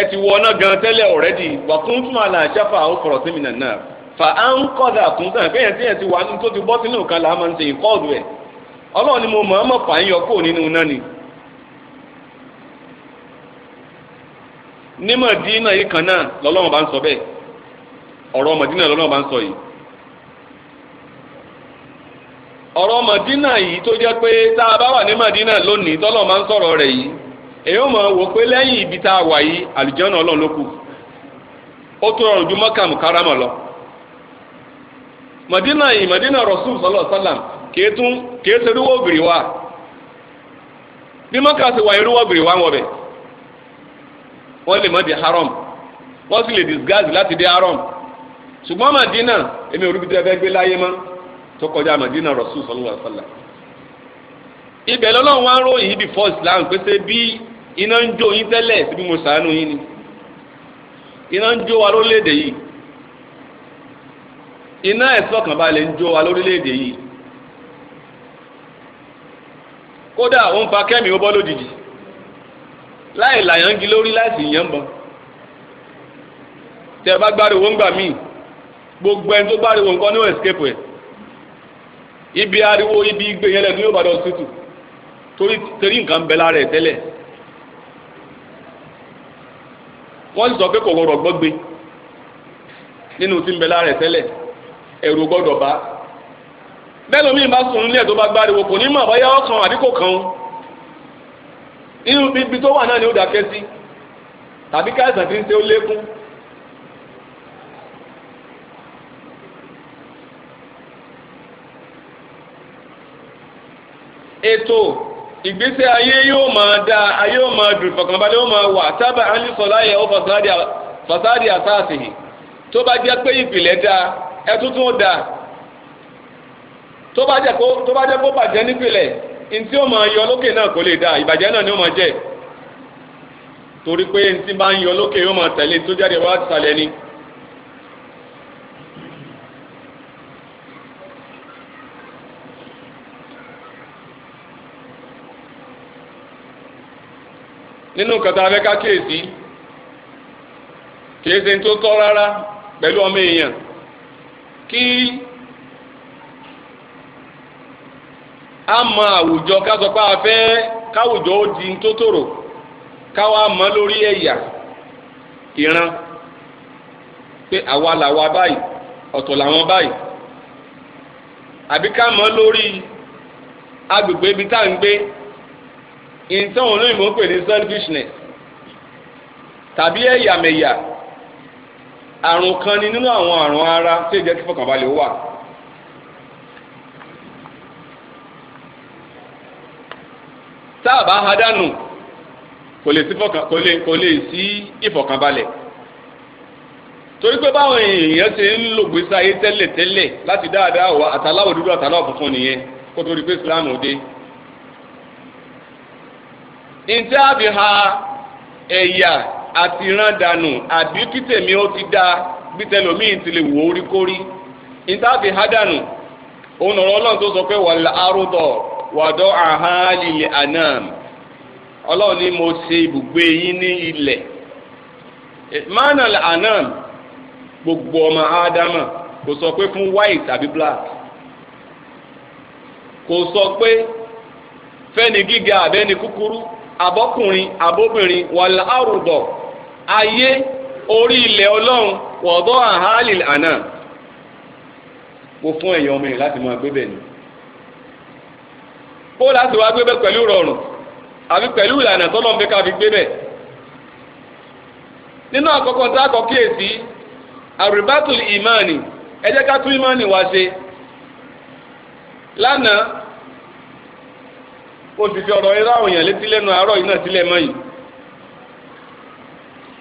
ẹ ti wọ ọ̀nà gan tẹ́lẹ̀ ọ̀rẹ́dì wà fún súnmọ́ là ṣẹ́fà ófúrọ̀ fímìnà náà fà á ń kọ́dà kún sàn pé ẹ̀sìn ni mo ní mọ̀dínà yìí kan náà lọ́lọ́wọ́n bá ń sọ bẹ́ẹ̀ ọ̀rọ̀ mọ̀dínà lọ́lọ́wọ́n bá ń sọ yìí ọ̀rọ̀ mọ̀dínà yìí tó jẹ́ pé tá a bá wà ní mọ̀dínà lónìí tọ́lọ̀ máa ń sọ̀rọ̀ rẹ̀ yìí èyí ò mọ̀ wò pé lẹ́yìn ibi tá a wà yìí àlùjànnà ọlọ́run ó tó rọrùn ju mọ́kà mùkárámà lọ mọ̀dínà yìí mọ̀dínà rasul sọlọ sálàm kìí tún wọ́n lè mọ́ di haram wọ́n sì lè disguise láti dé haram ṣùgbọ́n Madina èmi òrùbí tẹ́ fẹ́ gbé láyé mọ́ tó kọjá Madina Rasul sallallahu alaihi wasallam ibẹ̀ lọ́lọ́run wá ń ròyìn ibi fọ́ Islam pé ṣe bí iná ń jó yín tẹ́lẹ̀ síbi mo sàánú yín ni iná ń jó wa lórílẹ̀‐èdè yìí iná ẹ̀sọ́ kan balẹ̀ ń jó wa lórílẹ̀‐èdè yìí kódà ó fa kẹ́mi ó bọ́ lójijì láì làyànjú lórí láti yànbọn tẹ ẹ bá gbáriwo ńgbà míì gbogbo ẹni tó gbáriwo nǹkan ní escape ẹ ibi ariwo ibi igbe yẹn lẹnu yóò bá dọ tútù torí torí nǹkan bẹ lára ẹ tẹ́lẹ̀ wọ́n sì sọ pé kò gbọdọ̀ gbọgbe nínú tí ń bẹ lára ẹ tẹ́lẹ̀ ẹ̀rù gbọdọ̀ bá bẹ́ẹ̀ lómi ìbá sùn nílẹ̀ tó bá gbáriwo kò ní mọ̀ bóyá ọkàn àbí kò kàn inú ibi tó wà náà ni ó dákẹ́ sí tàbí káyọ̀sán tí ń ṣe ó lékún. ètò ìgbésẹ̀ ayé yóò máa da ayé yóò máa dùn ìfọ̀kànbalẹ̀ yóò máa wà sábà hánì sọ̀lá yẹ̀ ó fàsáàdì àsáàsì tó bá jẹ́ pé ìpìlẹ̀ da ẹ tuntun da tó bá jẹ́ kó bàjẹ́ nípìlẹ̀ ntí o ma yọ lókè náà kò lè dáa ìbàjẹ́ náà ni o ma je torí pé ntí bá ń yọ lókè yóò máa tẹ̀lé tó jáde wá sàlẹ̀ ni. nínú kàtà afẹ́ká kíyèsí kìí tó tọ́ rárá pẹ̀lú ọmọ èèyàn a mọ àwùjọ ká sọ pé a fẹ́ káwùjọ ó di tó káwa mọ lórí ẹ̀yà ìran pé àwa làwa báyìí ọ̀tọ̀ làwọn báyìí àbí ká mọ lórí agbègbè ibi tá à ń gbé pè ní kan ni nínú àwọn àrùn ara tí ìjẹ́ kí fọkànbalẹ̀ wà. tá ha kò lè sí ìfọ̀kànbalẹ̀ torí pé báwọn èèyàn ti ń lò ayé tẹ́lẹ̀ láti dáadáa wà àtàláwọ̀ dúdú àtàláwọ̀ funfun nìyẹn kó pé Islam dé ǹjẹ́ ha ẹ̀yà àti ìran dànù àbí kítẹ̀mí ó ti dáa gbítẹ̀lómìn ti lè wò ó rí kórí ha dànù òun ọ̀rọ̀ Ọlọ́run tó sọ pé wàdọ́ àhálìlẹ̀ anam ọlọ́run ni mo ṣe ibùgbé yín ní ilẹ̀ eh, manal anam gbogbo ọmọ adama kò sọ pé fún white tàbí black kò sọ pé fẹ́ni gíga àbẹ́ni kúkúrú abọ́kùnrin abóbìnrin wàlá àrùdọ̀ ayé orí ilẹ̀ ọlọ́run wọ̀dọ́ àhálìlẹ̀ anam mo fún ẹ̀yàn ọmọ yìí láti máa gbé bẹ̀ ni. bó láti wá gbé bẹ́ẹ̀ pẹ̀lú rọrùn àbí pẹ̀lú ìlànà tọ́lọ̀ ń bẹ ká fi gbé bẹ́ẹ̀. nínú àkọ́kọ́ tá a kọ́ kíyèsí àrùbátùl ìmáànì ẹjẹ́ jẹ́ ká tún wá ṣe. lánàá mo sì fi ọ̀rọ̀ irú àwọn èèyàn létí lẹ́nu àárọ̀ yìí náà sílẹ̀ mọ́ yìí.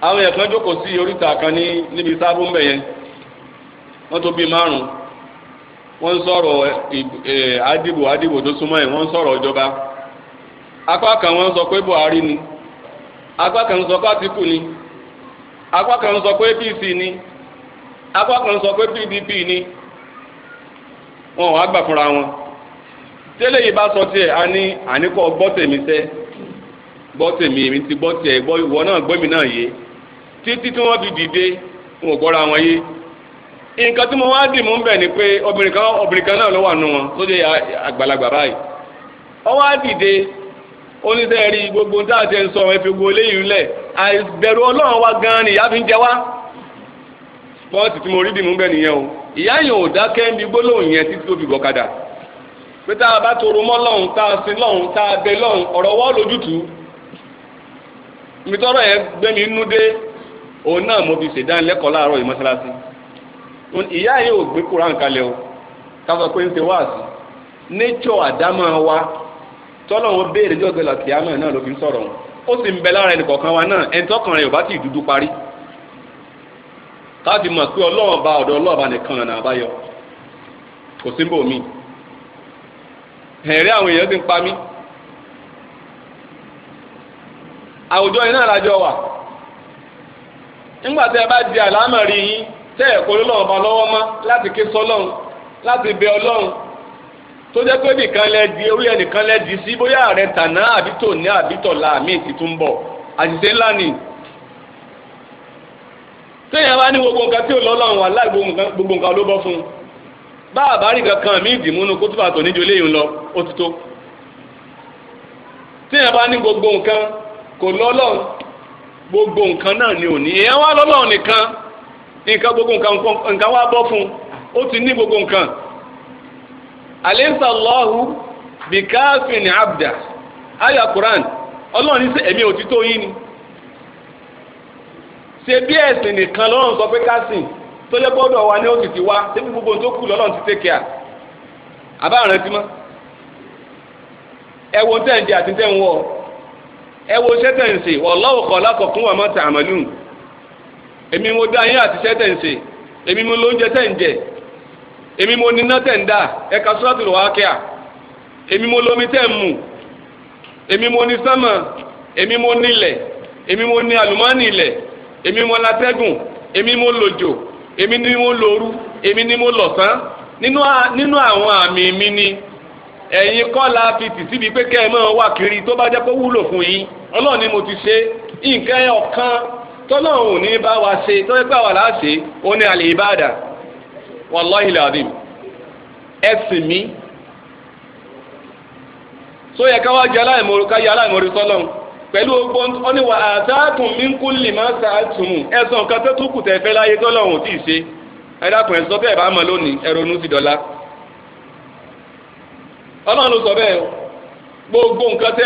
àwọn èèyàn kan jókòó wọ́n sọ̀rọ̀ adìbò eh, eh, adìbò tó súnmọ́ ẹ̀ wọ́n sọ̀rọ̀ ìjọba apá kan wọ́n sọ pé Buhari ni apá kan sọ pé Atiku ni apá kan sọ pé APC ni apá kan sọ pé PDP ni wọn wàá gbà fúnra wọn tẹ́lẹ̀ yìí bá sọ tiẹ̀ a ní àníkọ́ gbọ́ tèmi sẹ́ gbọ́ tèmi èmi ti gbọ́ tiẹ̀ gbọ́ ìwọ náà gbọ́ mi náà yé títí tí wọ́n fi dìde wọn ò gbọ́ra wọn yé nǹkan tí mo wá dì mú bẹ̀ ni pé obìnrin kan obìnrin kan náà ló wà nù wọn tó jẹ́ àgbàlagbà báyìí wá dìde gbogbo tá a ti ń sọ ẹ fi gbogbo eléyìí lẹ̀ àìbẹ̀rù ọlọ́run wa wá tí mo rí dì mú bẹ̀ nìyẹn o ìyá gbólóhùn yẹn títí tó fi pé tá a bá toro mọ́ lọ́hùn tá a sin lọ́hùn tá a bẹ ìyá yìí ò gbé koran o káfọ pé ń ṣe wáàsí nature àdámọ́ wa tọ́lọ́wọ́ béèrè lọ náà ló fi ń sọ̀rọ̀ wọn ó sì ń bẹ lára ẹnìkọ̀ọ̀kan wa náà ẹni tọ́kàn rẹ̀ ò bá ti dúdú parí káàdì mọ̀ pé ọlọ́run ba ọ̀dọ̀ ọlọ́ọ̀ba nìkan ọ̀nà àbáyọ kò sí bò mí ẹ̀rí àwọn èèyàn ti ń pa mí àwùjọ yìí náà lájọ tẹ́ ẹ̀kọ́ lọ́wọ́ ọba lọ́wọ́ mọ́ láti ké sọ́lọ́run láti bẹ ọlọ́run tó jẹ́ pé nìkan lẹ di orí ẹnìkan lẹ sí bóyá ààrẹ tànà àbítò ní àbítò làmì ti tún bọ̀ àṣìṣe ńlá ni. téèyàn bá ní gbogbo nǹkan tí ò lọ́lọ́run wà láì gbogbo nǹkan ló bọ́ fún un bá àbárí kankan mí ìdìmúnú kó túbà tó níjó léyìn lọ ó ti tó. téèyàn bá ní gbogbo nǹkan kò lọ́lọ́run gbogbo nǹkan náà ni ò ní èèyàn wá lọ́lọ́run nìkan nǹkan gbogbo nǹkan wá bọ́ fún un ó ti ní gbogbo nǹkan. alaysa Allahu bikafin abda aya Quran ọlọ́run ní sẹ́ ẹ̀mí òtítọ́ yín ni. ṣe bí ẹ̀sìn nìkan lọ́rùn sọ pé ká tó lé gbọ́dọ̀ wa ní òsì ti wá débi gbogbo tó kù lọ́lọ́run ti tẹ́kẹ̀ à àbá rántí mọ́. ẹ wo tẹ̀ ń jẹ àti tẹ̀ ń wọ̀ ẹ wo iṣẹ́ tẹ̀ ń ṣe wallahu khalaqakum wa ma ta'malun èmi mo dá yín àti iṣẹ́ tẹ̀ ń ṣe èmi mo lóúnjẹ tẹ̀ ń jẹ èmi mo níná tẹ̀ ń dà ẹ̀ka suratul waqia èmi mo lomi tẹ̀ ń mu èmi mo ní sánmà èmi mo nílẹ̀ èmi mo ní àlùmọ́ọ́nì ilẹ̀ èmi mo látẹ́gùn èmi mo lòjò èmi ni mo lòru èmi ni mo lọ̀sán nínú àwọn àmì mi ni ẹ̀yin kọ́ la fi tì síbi pé kẹ́ ẹ máa wà kiri tó bá jẹ́ pé wúlò fún yín ọlọ́run mo ti ṣe nǹkan ọ̀kan tọ́lọ́hùn ní bá wa ṣe tọ́jú pé àwa ó ní àlè ìbáàdà wàláhì làdìm ẹ̀sìn mi tó yẹ ká jẹ aláìmoore ká yẹ tọ́lọ́hùn pẹ̀lú ogbó ó ní wà àtàkùn mí kú lè má sàátùn kan tó tún kù tẹ̀ fẹ́ láyé tọ́lọ́hùn tí ì ṣe ẹ̀dàkùn ẹ̀sọ́ bẹ́ẹ̀ bá mọ̀ lónìí ẹ̀rọ̀nù ti dọ̀la ọlọ́run sọ nǹkan tẹ́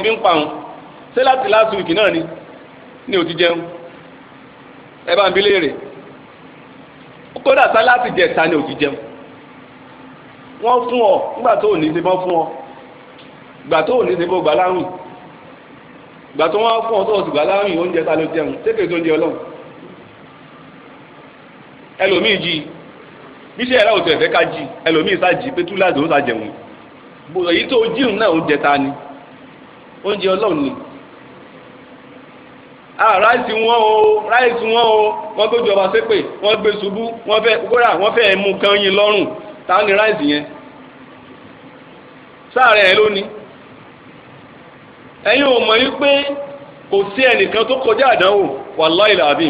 ẹ ṣé láti last week náà ni ni ò ti jẹun ẹ bá ń bi léèrè kódà sáláàtì jẹta ni ò ti jẹun wọ́n fún ọ nígbà tó ò ní ṣe bọ́ fún ọ gbà tó ò ní ṣe bọ́ gbà láwìn gbà tó wọ́n fún ọ tó ò sì gbà láwìn oúnjẹ ta ló jẹun sékè tó ń jẹ ọlọ́run ẹlòmíì jí bíṣẹ́ ẹ̀rọ òtún ẹ̀fẹ́ ká jí ẹlòmíì sá jí pé túláàdì ó sá jẹun bòtò èyí tó jíun náà oúnjẹ ta ni oúnjẹ ọlọ́run ni Ah, ráìsì wọn o ráìsì wọn o wọn gbé ìjọba ṣépè wọn gbé ṣubú wọn fẹ́ kódà wọn fẹ́ mú kan yín lọ́rùn táwọn ní ráìsì yẹn sáàrẹ ẹ lónìí ẹ̀yin ò mọ̀ yín pé kò sí ẹnìkan tó kọjá àdánwò wàláì làbí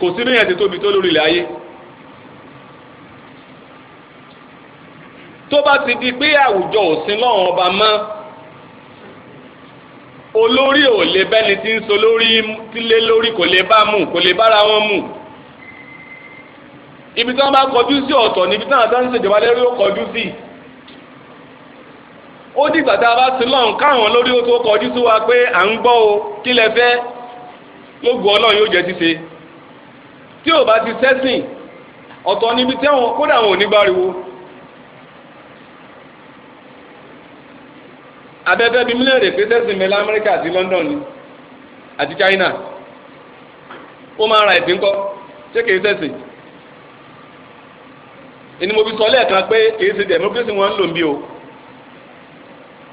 kò sí bí yẹn ti tóbi tó lórí ilẹ̀ ayé tó bá ti di pé àwùjọ òsín lọ́wọ́n ọba mọ́ olórí ò lè bẹ́ni tí ń so lórí tílé lórí kò lè bá mú kò lè bára wọn mú ibi tí wọ́n bá kọjú sí ọ̀tọ̀ níbi tí wọ́n bá ń ṣèjọba lórí ó kọjú sí ó dìgbà tá bá ti lọ́run káwọn lórí ó tó kọjú sí wa pé à ń gbọ́ o kí lẹ fẹ́ lóògùn ọlọ́run yóò jẹ́ ṣíṣe tí ò bá ti sẹ́sìn ọ̀tọ̀ níbi tí wọn kódà wọn ò ní gbáriwo abẹ́fẹ́ bíi mílíọ̀nù rẹ̀ pé mi lamẹ́ríkà àti London ni àti China ó máa ra ìpín kọ́ ṣé kìí sẹ́sìn ẹni mo fi sọ lẹ́ẹ̀kan pé kìí ṣe democracy wọn ń lò ń bí o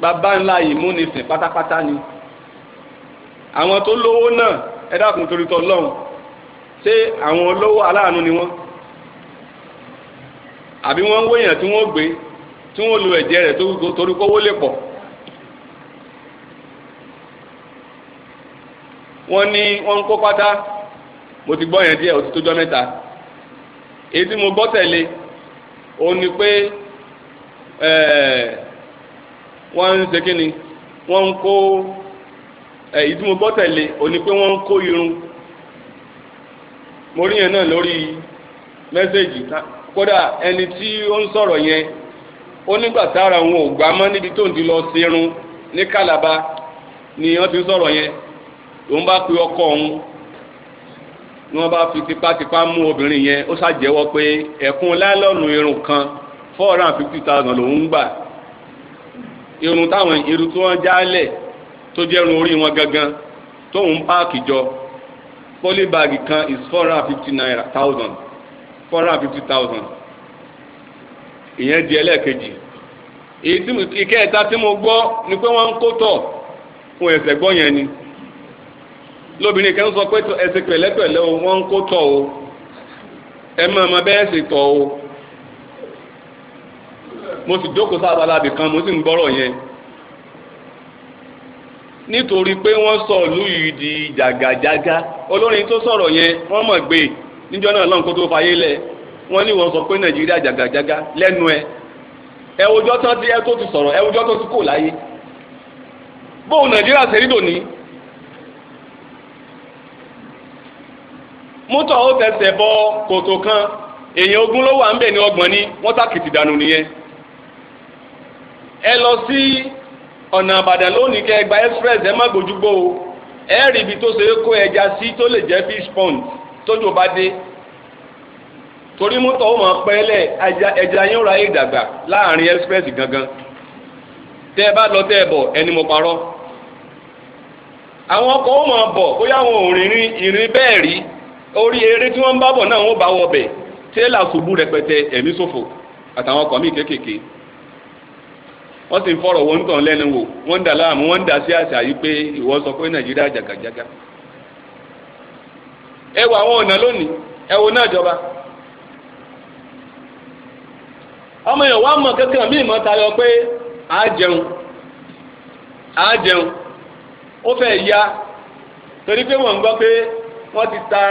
bàbá ńlá yìí múnisìn pátápátá ni àwọn tó lówó náà ẹ dákun torí tọ lọ́hùn ṣé àwọn olówó aláàánú ni wọ́n àbí wọ́n ń wéyàn tí wọ́n gbé tí wọ́n lo ẹ̀jẹ̀ rẹ̀ torí kówó lè pọ̀. wọ́n ní wọ́n ń kó pátá mo ti gbọ́ yẹn díẹ̀ ó ti tójọ́ mẹ́ta eh, eh, èyí tí mo gbọ́ tẹ̀lé òun ni pé wọ́n ń ṣe kí ni wọ́n ń kó èyí tí mo gbọ́ tẹ̀lé òun ni pé wọ́n mo rí yẹn náà lórí mẹ́sẹ̀gì kódà ẹni tí ni wọ́n ti ń sọ̀rọ̀ yẹn òun bá pe ọkọ òun ni wọn bá fi tipátipá mú obìnrin yẹn ó ṣàjẹ́wọ́ pé ẹ̀kún láìlọ́nù irun kan four hundred fifty thousand lòun ń gbà irun táwọn irun tí wọn jálẹ̀ tó jẹ́ irun orí wọn gangan tóun páàkì jọ polybag kan is four hundred fifty naira thousand four hundred fifty thousand ìyẹn mo gbọ́ ni pé wọ́n ń kó tọ̀ fún gbọ́ yẹn ni. lóbìnrin kan sọ pé ẹsẹ̀ pẹ̀lẹ́pẹ̀lẹ́ o wọ́n ń kó tọ̀ o ẹ máa ma bẹ́ẹ̀ sì tọ̀ o mo sì jókòó sábà kan mo sì ń gbọ́rọ̀ yẹn nítorí pé wọ́n sọ ìlú yìí di jàgàjàgà olórin tó sọ̀rọ̀ yẹn wọ́n mọ̀ gbé níjọ́ náà lọ́nkó tó fayé lẹ̀ wọ́n ní wọ́n sọ pé nàìjíríà jàgàjàgà lẹ́nu ẹwùjọ́ tó ti sọ̀rọ̀ ẹwùjọ́ tó ti kò láyé mútọ̀ ó tẹsẹ̀ bọ kòtò kan èèyàn ogun ló wà ń bẹ̀ ní ọgbọ̀n ní wọ́n tàkìtì dànù nìyẹn ẹ lọ sí ọ̀nà àbàdàn lónìí kẹ gba express ẹ má o ẹ rí ibi tó ṣe é kó ẹja sí tó lè jẹ́ fish pond tójò bá dé torí máa pẹ́ lẹ̀ ẹja yín ra ìdàgbà láàrin express gangan tẹ́ ẹ bá lọ tẹ́ ẹ bọ̀ ẹni mo parọ́ àwọn ọkọ̀ ó máa bọ̀ bóyá àwọn orí eré tí wọ́n ń bábọ̀ náà wọ́n bá wọ bẹ̀ tẹ́lá ṣubú rẹpẹtẹ ẹ̀mí ṣòfò àtàwọn ọkọ̀ míì kéékèèké wọ́n sì ń fọ̀rọ̀ wọn tàn lẹ́nu wò wọ́n ń dà láàmú wọ́n ń dà sí àṣà yìí pé ìwọ sọ pé nàìjíríà jàgàjàgà ẹ wọ àwọn ọ̀nà lónìí ẹ wo náà jọba ọmọ èèyàn wá mọ̀ kankan míì mọ́ tayọ pé á jẹun á jẹun ó fẹ́ ya torí pé wọ́n ń gbọ́ pé wọ́n ti ta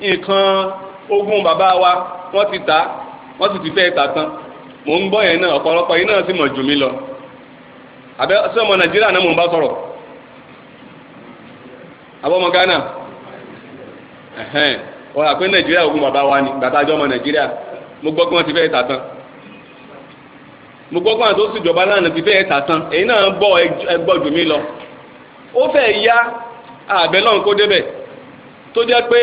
nǹkan ogún bàbá wa wọ́n ti ta wọ́n sì ti fẹ́ ta tán mò ń gbọ́ yẹn náà ọ̀pọ̀lọpọ̀ yìí náà sì mọ̀ jù mí lọ àbẹ sí ọmọ nàìjíríà náà mò ń bá sọ̀rọ̀ àbọ̀mọ ghana wọ́n àpé nàìjíríà ogún bàbá wa ni bàtà àjọ ọmọ nàìjíríà mo gbọ́ pé wọ́n ti fẹ́ ta tán mo gbọ́ pé àwọn tó sì lánàá ti fẹ́ ta tán èyí náà bọ̀ ẹgbọ́ jù mí lọ ó fẹ́ ya àbẹ̀ lọ́run kó débẹ̀ tó jẹ́ pé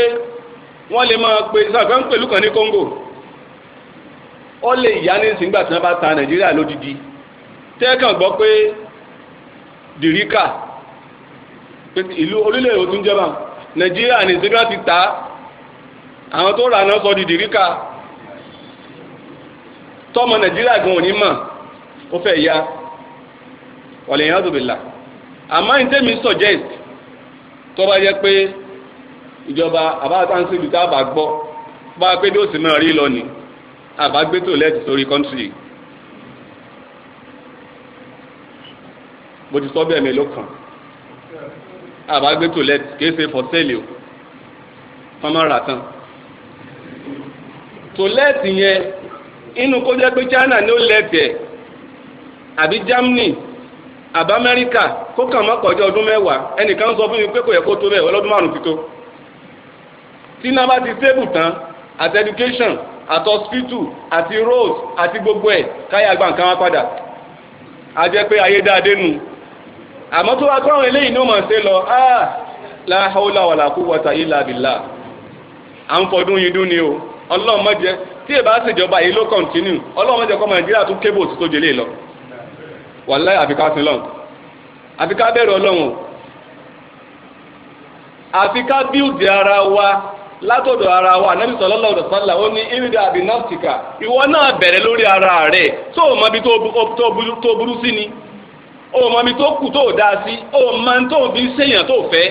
wọ́n lè máa pe sàfẹ́ ń pèlú kan ní Congo ó lè yá ní ìsìngbà tí wọ́n bá ta Nàìjíríà lódìdí tẹ́ẹ̀kan gbọ́ pé dìríkà ìlú orílẹ̀ èdè tún jẹ́bà Nàìjíríà ní ìsìngbà ti ta àwọn tó rà náà sọ di dìríkà tọ́mọ Nàìjíríà gan òní mọ̀ ó fẹ́ ya ọ̀lẹ́yìn àdùbìlà àmọ́ ìtẹ́mi suggest tó bá yẹ pé ìjọba àbáàtàǹsì ìlú tá a bá gbọ́ bá a pé bí ó sì máa rí lọ ni àbágbétò lẹ́tì sórí kọ́ńtìrì bó ti sọ bẹ́ẹ̀ mélòó kan àbágbétò lẹ́ẹ̀tì kìí ṣe for sale o rà tán tò lẹ́ẹ̀tì yẹn inú kó jẹ́ pé China ó àbí Germany Amẹ́ríkà tí iná bá ti tébù tán àti education àti hospital àti roads àti gbogbo ẹ̀ káyà gba nǹkan wá padà a jẹ́ pé ayé dáadé nu àmọ́ tó wá kọ́ àwọn eléyìí ní ó máa ṣe lọ ah, la hawla wala quwwata illa billah à ń fọdún yìí dún ni o ọlọ́run má jẹ́ tí èbá ṣèjọba èyí ló kọ̀ǹtínú ọlọ́run má jẹ́ kọ́ nàìjíríà tún kébù òtítọ́ jẹ́lé lọ wàláì àfikà sí lọ́n àfikà bẹ̀rẹ̀ ọlọ́run àfikà bíùdì ara wa látọ̀dọ̀ ara wa anabi sọlọ́lá ọ̀dọ̀ sọ́lá ó ní irida abinaftika ìwọ náà bẹ̀rẹ̀ lórí ara rẹ̀ tó o mọbi tó burú sí ni o mọbi tó kù tó dáa sí o mọ tó fi ṣèyàn tó fẹ́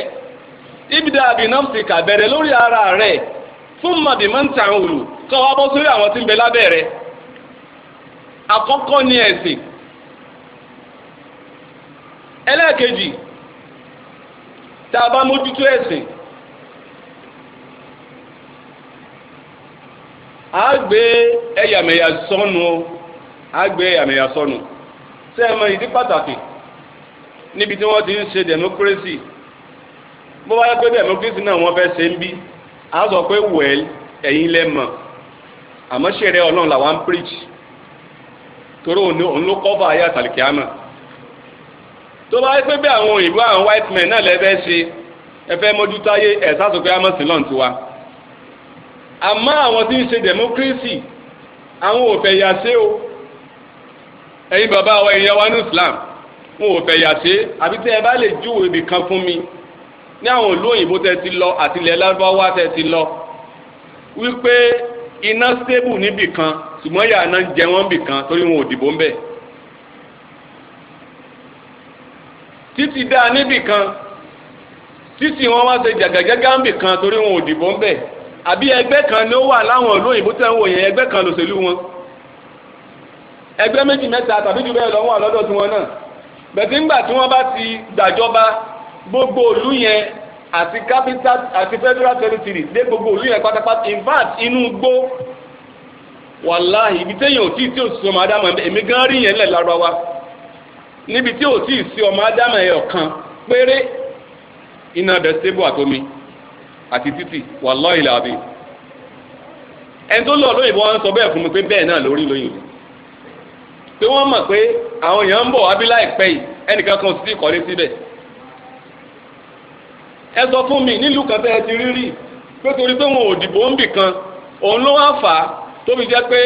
irida abinaftika bẹ̀rẹ̀ lórí ara rẹ̀ fún mọ̀bí mọ́ntàn òòlù kọ́ wa bọ́ sórí àwọn tí ń bẹ lábẹ́ rẹ̀ àkọ́kọ́ ni ẹ̀sìn ẹlẹ́ẹ̀kejì tá a bá mójútó ẹ̀sìn agbe gbé ẹ̀yàmẹ̀yà sọnù agbe a gbé ẹ̀yàmẹ̀yà sọnù ṣé ẹ mọ ìdí pàtàkì níbi tí wọ́n ti ń ṣe democracy bó bá yẹ pé democracy náà wọ́n fẹ́ ṣe ń bí a sọ pé wẹ́ẹ́l ẹ̀yin lẹ mọ̀ àmọ́ ṣẹ̀rẹ̀ ọlọ́run làwọn ń torí òun ló kọ́ bá ayé àtàlùkì tó bá yẹ pé bí àwọn òyìnbó àwọn white men náà ṣe ẹ fẹ́ àmọ́ àwọn tí ń ṣe democracy àwọn ò fẹ́ o ẹ̀yin bàbá wa ẹ̀yin wa ní Islam wọn ò fẹ́ yà ṣe àbí tẹ́ ẹ bá lè júwèé ibì kan fún mi ní àwọn ìlú òyìnbó tẹ́ ti lọ àti ilẹ̀ lárúbáwá tẹ́ ti lọ wípé iná stable níbì kan ṣùgbọ́n yàrá náà ń jẹ wọ́n bì kan torí wọn ò dìbò ń bẹ̀. títí dáa níbì kan títí wọn wá ṣe jàgàjàgà ń bì kan torí wọn ò dìbò ń bẹ̀ àbí ẹgbẹ́ kan ni ó wà láwọn ìlú òyìnbó tẹ̀ ń wò yẹn ẹgbẹ́ kan lòṣèlú wọn ẹgbẹ́ méjì mẹ́ta tàbí jù bẹ́ẹ̀ lọ wà lọ́dọ̀ tiwọn náà bẹ̀tí ńgbà tí wọ́n bá ti gbàjọba gbogbo ìlú yẹn àti capital àti federal territory dé gbogbo ìlú yẹn pátápátá in fact inú gbó wàláhì ibi téèyàn ò tí tí ò sí ọmọ ádámà èmi gan rí yẹn lẹ̀ lára wa níbi tí ò tí ọmọ ádámà ẹ̀ ọ̀kan péré iná bẹ̀ stable àtomi àti títì wallahi làbí ẹni tó lọ lóyìnbó wọn sọ bẹ́ẹ̀ fún mi pé bẹ́ẹ̀ náà lórí lóyìnbó pé wọ́n mọ̀ pé àwọn èèyàn ń bọ̀ wá bí láìpẹ́ yìí ẹnìkan kan sì kọ́lé síbẹ̀ ẹ sọ fún mi nílùú kan tẹ́ ẹ ti rí rí pé torí pé wọn ò dìbò ń bì kan òun ló wá fà á tó jẹ́ pé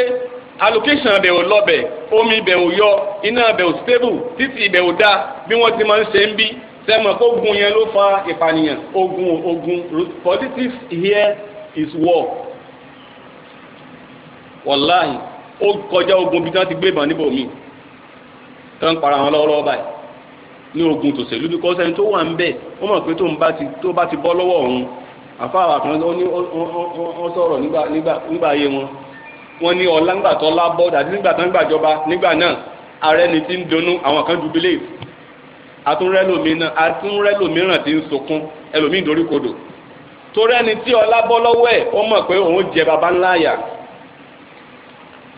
allocation ibẹ̀ ò lọ́bẹ̀ omi ibẹ̀ ò yọ iná ibẹ̀ ò stable títì ibẹ̀ ò dá bí wọ́n ti máa ń ṣe ń bí sẹ́mọ̀ kó gun yẹn ló fa ìpànìyàn ogun ogun politics here is war wàláhì ó kọjá ogun bí wọ́n ti gbé ìbọn níbò míì tó ń para wọn lọ́wọ́lọ́wọ́ báyìí ní ogun tòṣèlú bí kọ́sẹ́ni tó wà ń bẹ̀ wọ́n mọ̀ pé tó bá ti bọ́ lọ́wọ́ òun àfáàrà kan ó ní ó sọ̀rọ̀ nígbà ayé wọn wọ́n ní ọ̀la ńgbà tó lábọ́ dàbí nígbà tó ń gbàjọba nígbà náà ààrẹ ni ti ń dunnú àwọn kan jubilate àtúnrẹ́lòmíràn àtúnrẹ́lòmíràn ti ń sunkún ẹlòmíì doríkodò torí ẹni tí ọlá bọ́ lọ́wọ́ ẹ̀ ó mọ̀ pé òun jẹ baba ńlá àyà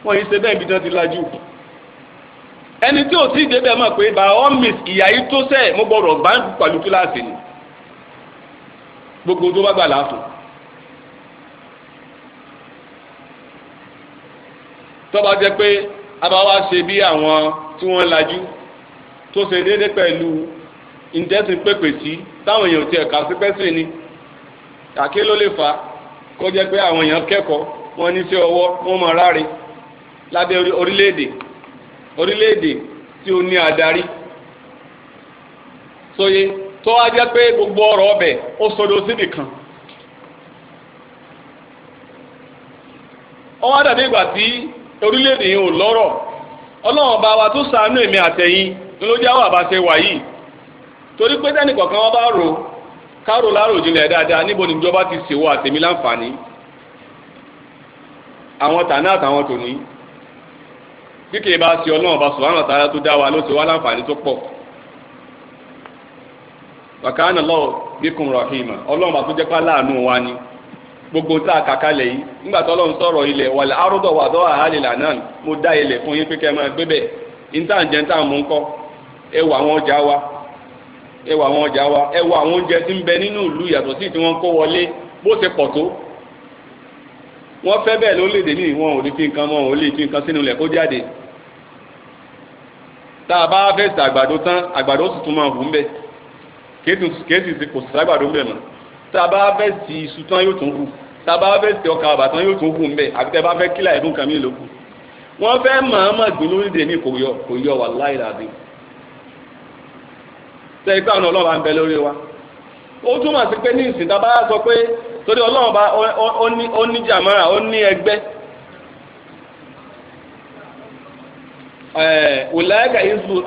wọ́n yìí ṣe bẹ́ẹ̀ bí wọ́n ti lajú ẹni tí ò sí ìdébẹ̀ mọ̀ pé by all means ìyá yìí tó sẹ́ẹ̀ mo gbọ́dọ̀ bá ń pàlú kíláàsì ni gbogbo tó bá gbà láàfin. tọ́ba jẹ́ pé a bá wá ṣe bí àwọn tí wọ́n lajú tó ṣe déédéé pẹ̀lú ìjẹ́sí pèpè sí táwọn èèyàn ti ẹ̀ka sí ni àké ló lè kó jẹ́ pé àwọn èèyàn kẹ́kọ̀ọ́ wọn ní sí ọwọ́ wọn mọ̀ ráre lábẹ́ orílẹ̀-èdè orílẹ̀-èdè tí ó ní adarí sóye tó wá pé gbogbo ọ̀rọ̀ ọbẹ̀ ó sọdọ̀ síbì kan. ọwọ́ dàbí ìgbà tí orílẹ̀-èdè yìí ò lọ́rọ̀ ọlọ́run wa tó èmi àtẹ̀yìn ńlọjà awa bá ṣe wà yìí torí pé sẹ́ni kọ̀ọ̀kan bá rò láàrò láròjinlẹ̀ dáadáa níbo níjọba ti ṣèwọ àtẹ̀mí láǹfààní àwọn tàná àtàwọn tòní bí bá ṣe ọlọ́run ọba subhanahu wa tó dá wa ló ṣe wá láǹfààní tó pọ̀ gbogbo tá a kàkà nígbà tó ọlọ́run sọ̀rọ̀ ilẹ̀ wà hálẹ̀ mo dá ilẹ̀ fún yín pé kẹ́ máa gbé ẹ wo àwọn ọjà wa ẹ wo àwọn ọjà wa ẹ wo àwọn oúnjẹ tí ń bẹ nínú ìlú yàtọ̀ sí tí wọ́n kó wọlé bó ṣe pọ̀ tó wọ́n fẹ́ bẹ́ẹ̀ lórílẹ̀‐èdè ní ìwọ̀n ò ní fi nǹkan mọ́ ò lè fi nǹkan sínú ilẹ̀ kó jáde tá a bá fẹ́ sí àgbàdo tán àgbàdo sì tún máa hù ń bẹ̀ kéèsì sí kò sí àgbàdo ń bẹ̀ mọ́ tá a bá fẹ́ sí iṣu tán yóò tún hù tá a bá fẹ́ sí ọkà bàbà tán yóò tún hù ń bẹ̀ àbí bá fẹ́ kílà ẹ̀dùn kan mí lókù wọ́n fẹ́ màá mà gbin lórílẹ̀‐èdè ní kò yọ wà láìláàdín tẹ ipá ọ̀nà ọlọ́run à ń bẹ lórí wa ó túmọ̀ sí pé ní ìsìn bá sọ pé torí ọlọ́run ó ní jàmọ́ra ó ní ẹgbẹ́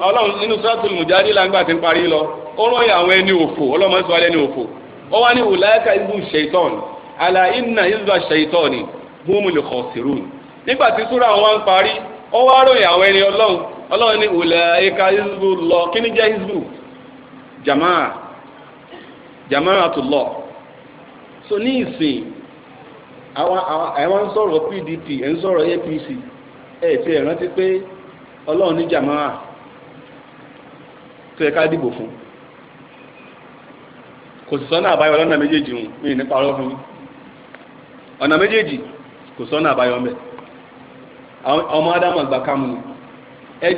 ọlọ́run nínú mùjáde làǹgbà ti ń parí lọ ó ròyìn àwọn ẹni òfò ọlọ́mọ sọ alẹ́ òfò ó wá ní ṣèitọ́n àlà ìnà ṣèitọ́n nígbà tí wọn parí ó wá àwọn ẹni ọlọ́run ọlọ́run jamaa jamaatullah so ní ìsìn àwọn sọ̀rọ̀ pdp ẹ̀ apc ẹ̀ ti ẹ̀ rántí pé ọlọ́run ní jamaa tó yẹ ká dìbò fún kò sì sọ́nà àbáyọ lọ́nà méjèèjì hùn mí nípa ọ̀rọ̀ fún ọ̀nà méjèèjì kò sọ́nà àbáyọ mẹ́ ọmọ ádámù àgbà ẹ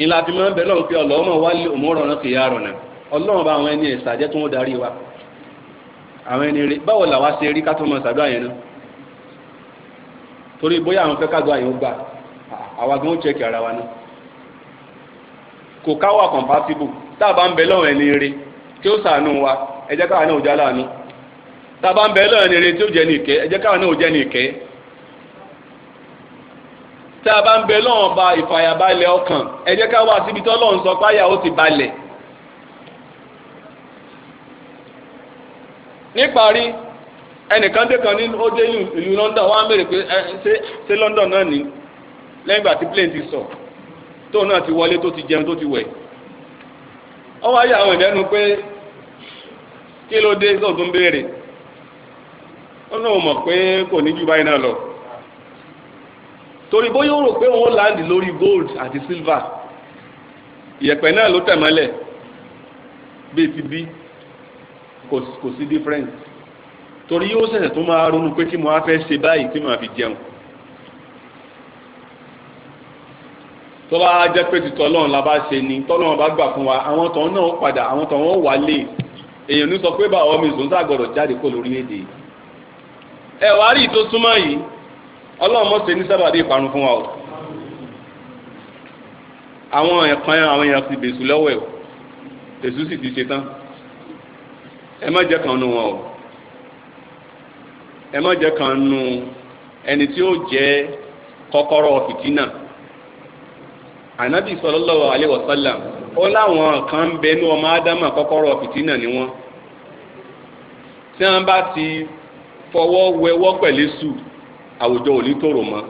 ìlà àti máa ń bẹ lọ́run pé ọlọ́mọ wá lé òmùrọ̀ náà kìí àrọ̀ bá àwọn ẹni ìsàjẹ́ tó ń darí wa àwọn ẹni rẹ báwo làwa ṣe rí mọ ṣàdúrà yẹn náà torí bóyá àwọn gbà àwa gan ó náà kò káwà tá ń bẹ ẹni tí ó tá a bá ń bẹ lọ́wọ́n ba ìfàyàbalẹ̀ ọkàn ẹ jẹ́ ká wá síbi tó sọ páyà ó ti balẹ̀. níparí ẹnìkan dé kan ní ó dé ìlú London á mèrè pé London náà ní lẹ́yìn ìgbà tí plane ti sọ tóun náà ti wọlé tó ti jẹun tó ti wẹ̀. ó wá yà àwọn ìdẹ́nu pé kí ló dé sóòtún béèrè ó náà mọ̀ pé kò ní jù torí bóyá ó rò pé òun ó láǹdì lórí gold àti silver ìyẹ̀pẹ̀ náà ló tẹ̀ mọ́lẹ̀ bíi ti bí kò sí difference torí yóò ṣẹ̀ṣẹ̀ tó máa ronú pé kí mo á fẹ́ ṣe báyìí tí màá fi jẹun tó bá jẹ́ pé títọ́ lọ́run la bá ṣe ni tọ́lọ́run bá gbà fún wa àwọn tọ̀ náà padà àwọn tọ̀ wọ́n wà lè èèyàn ní sọ pé báwọn mi zòńtà gbọ́dọ̀ jáde kó lórílẹ̀‐èdè ẹ̀ wá rí ìtòsúnmọ́ yìí ọlọ́run se ní sábàbí ìparun fún wa o àwọn èèyàn kan àwọn èèyàn ti bèṣù lọ́wọ́ ẹ̀ sì ti ṣe tán ẹ má jẹ́ kan nu o ẹ má jẹ́ kan nu ẹni tí ó jẹ́ kọ́kọ́rọ́ fìtínà ànábì sallallahu ó láwọn kan bẹ ní ti fọwọ́ wẹwọ́ àwùjọ ò tòrò mọ́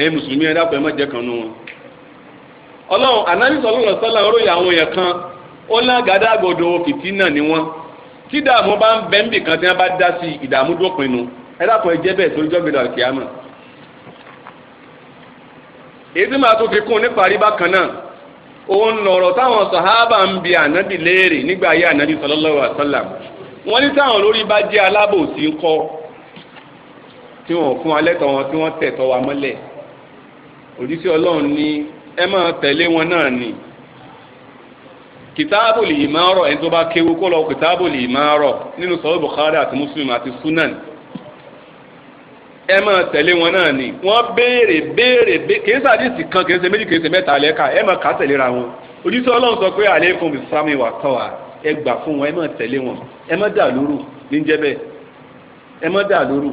ẹ̀yin mùsùlùmí ẹ dápẹ́ mọ́jẹ́ kan nú wọn. ọlọ́run ànábì sọlọ́run sọ́lá ròyìn àwọn èèyàn kan ó ná ni wọ́n tí dààmú bá ń bẹ ń bì kan tí wọ́n bá dá sí ìdààmú dópinu ẹ dápẹ́ ẹ èyí fi kún níparí kan náà òun táwọn sàhábà ń bi ànábì léèrè nígbà ayé sọlọ́lọ́wọ́ ní táwọn lórí bá tí wọ́n fún alẹ́tọ̀ wọn tí wọ́n tẹ̀tọ̀ wa mọ́lẹ̀ òjíṣẹ́ ọlọ́run ní ẹ máa tẹ̀lé wọn náà ni kìtáàbùlì ìmáàrọ̀ ẹni tó bá kéwu kó lọ kìtáàbùlì ìmáàrọ̀ nínú sọ́ọ́ Bukhari àti Muslim àti Sunan ẹ máa tẹ̀lé wọn náà ni wọ́n béèrè béèrè kìí sàdísì kan kìí ṣe méjì kìí ṣe mẹ́ta lẹ́ka ẹ máa kà á tẹ̀léra wọn òjíṣẹ́ ọlọ́run sọ pé àlẹ́ fún mi sami wà tọ́ wa ẹ gbà fún wọn ẹ máa tẹ̀lé wọn ẹ má dà lóru níjẹ́ bẹ́ẹ̀ ẹ má dà lóru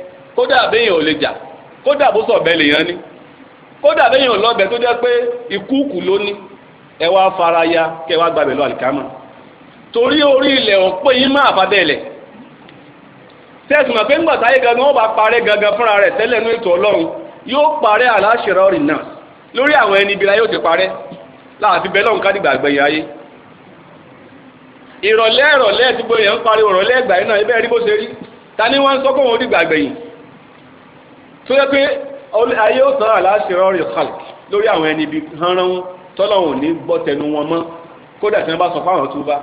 kódà béèyàn ò lè jà kódà bó sọ̀bẹ lèèyàn ní kódà béèyàn ò lọ́bẹ tó jẹ́ pé ìkúùkù ló ní ẹ wá fara ya kẹ wá gbàbẹ̀ lọ àlìkámà torí orí ilẹ̀ ọ̀pẹ́ yín má àfàbẹ̀lẹ̀ gangan wọ́n bá parẹ́ gangan fúnra rẹ̀ tẹ́lẹ̀ ní ètò ọlọ́run yóò parẹ́ aláṣẹ̀rọ̀ rìn náà lórí àwọn ẹni ibi la ti parẹ́ láàfi bẹ́ẹ̀ lọ́run tó yẹ pé ayé ó tán aláṣẹrọ rẹ kàlk lórí àwọn ẹni ibi hanran tọ́lọ́hún ní gbọ́ tẹnu wọn mọ́ kódà tí wọ́n bá sọ fáwọn tó bá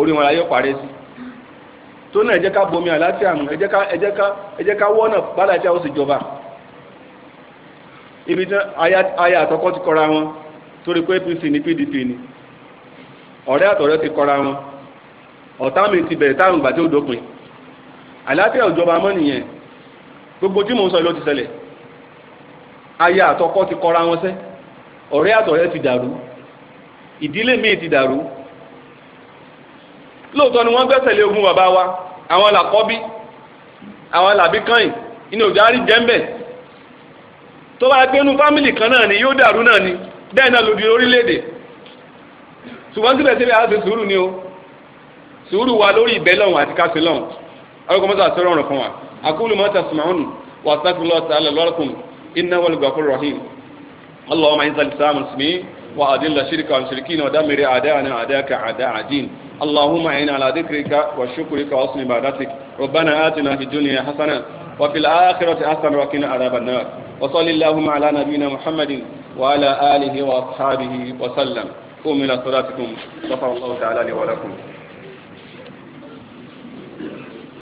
orí wọn ayé parẹ́ sí tó náà ẹ jẹ́ ká bomi àlàáfíà mu ẹ jẹ́ ká ẹ jẹ́ ká ẹ jẹ́ ká wọ́nà bálàáfíà ó sì jọba ibi tí ayé àtọ́kọ́ ti kọra wọn torí pé APC ní PDP ni ọ̀rẹ́ àtọ̀rẹ́ ti kọra wọn ọ̀tá mi ti bẹ̀rẹ̀ táwọn ìgbà tí ó dópin àlàáfíà ò jọba mọ́ nìyẹn gbogbo tí mò ń sọ ló ti ṣẹlẹ̀ aya àtọkọ ti kọra wọn sẹ́ ọ̀rẹ́ àtọ̀rẹ́ ti dàrú ìdílé míì ti dàrú lóòótọ́ ni wọ́n gbẹ́sẹ̀ lé ogún bàbá wa àwọn làkọ́bí àwọn làbí kànyìn inú òjá rí jẹ́ńbẹ̀ tó bá gbénu fámìlì kan náà ni yóò dàrú náà ni bẹ́ẹ̀ náà lòdì orílẹ̀-èdè ṣùgbọ́n síbẹ̀síbẹ̀ a ṣe sùúrù ni o sùúrù wa lórí ìbẹ́lọ̀hún àti kásílọ̀hún ọlọ́kọ̀ mọ́tò àti ọ̀rọ̀ fún wa. أقول ما تسمعون وأستغفر الله تعالى لكم إنه هو الغفور الرحيم اللهم أعز الإسلام والمسلمين وأذل الشرك والمشركين ودمر أعداءنا أعداءك أعداء الدين اللهم أعنا على ذكرك وشكرك وحسن عبادتك ربنا آتنا في الدنيا حسنة وفي الآخرة حسنة وقنا عذاب النار وصل اللهم على نبينا محمد وعلى آله وأصحابه وسلم قوموا إلى صلاتكم غفر الله تعالى لي ولكم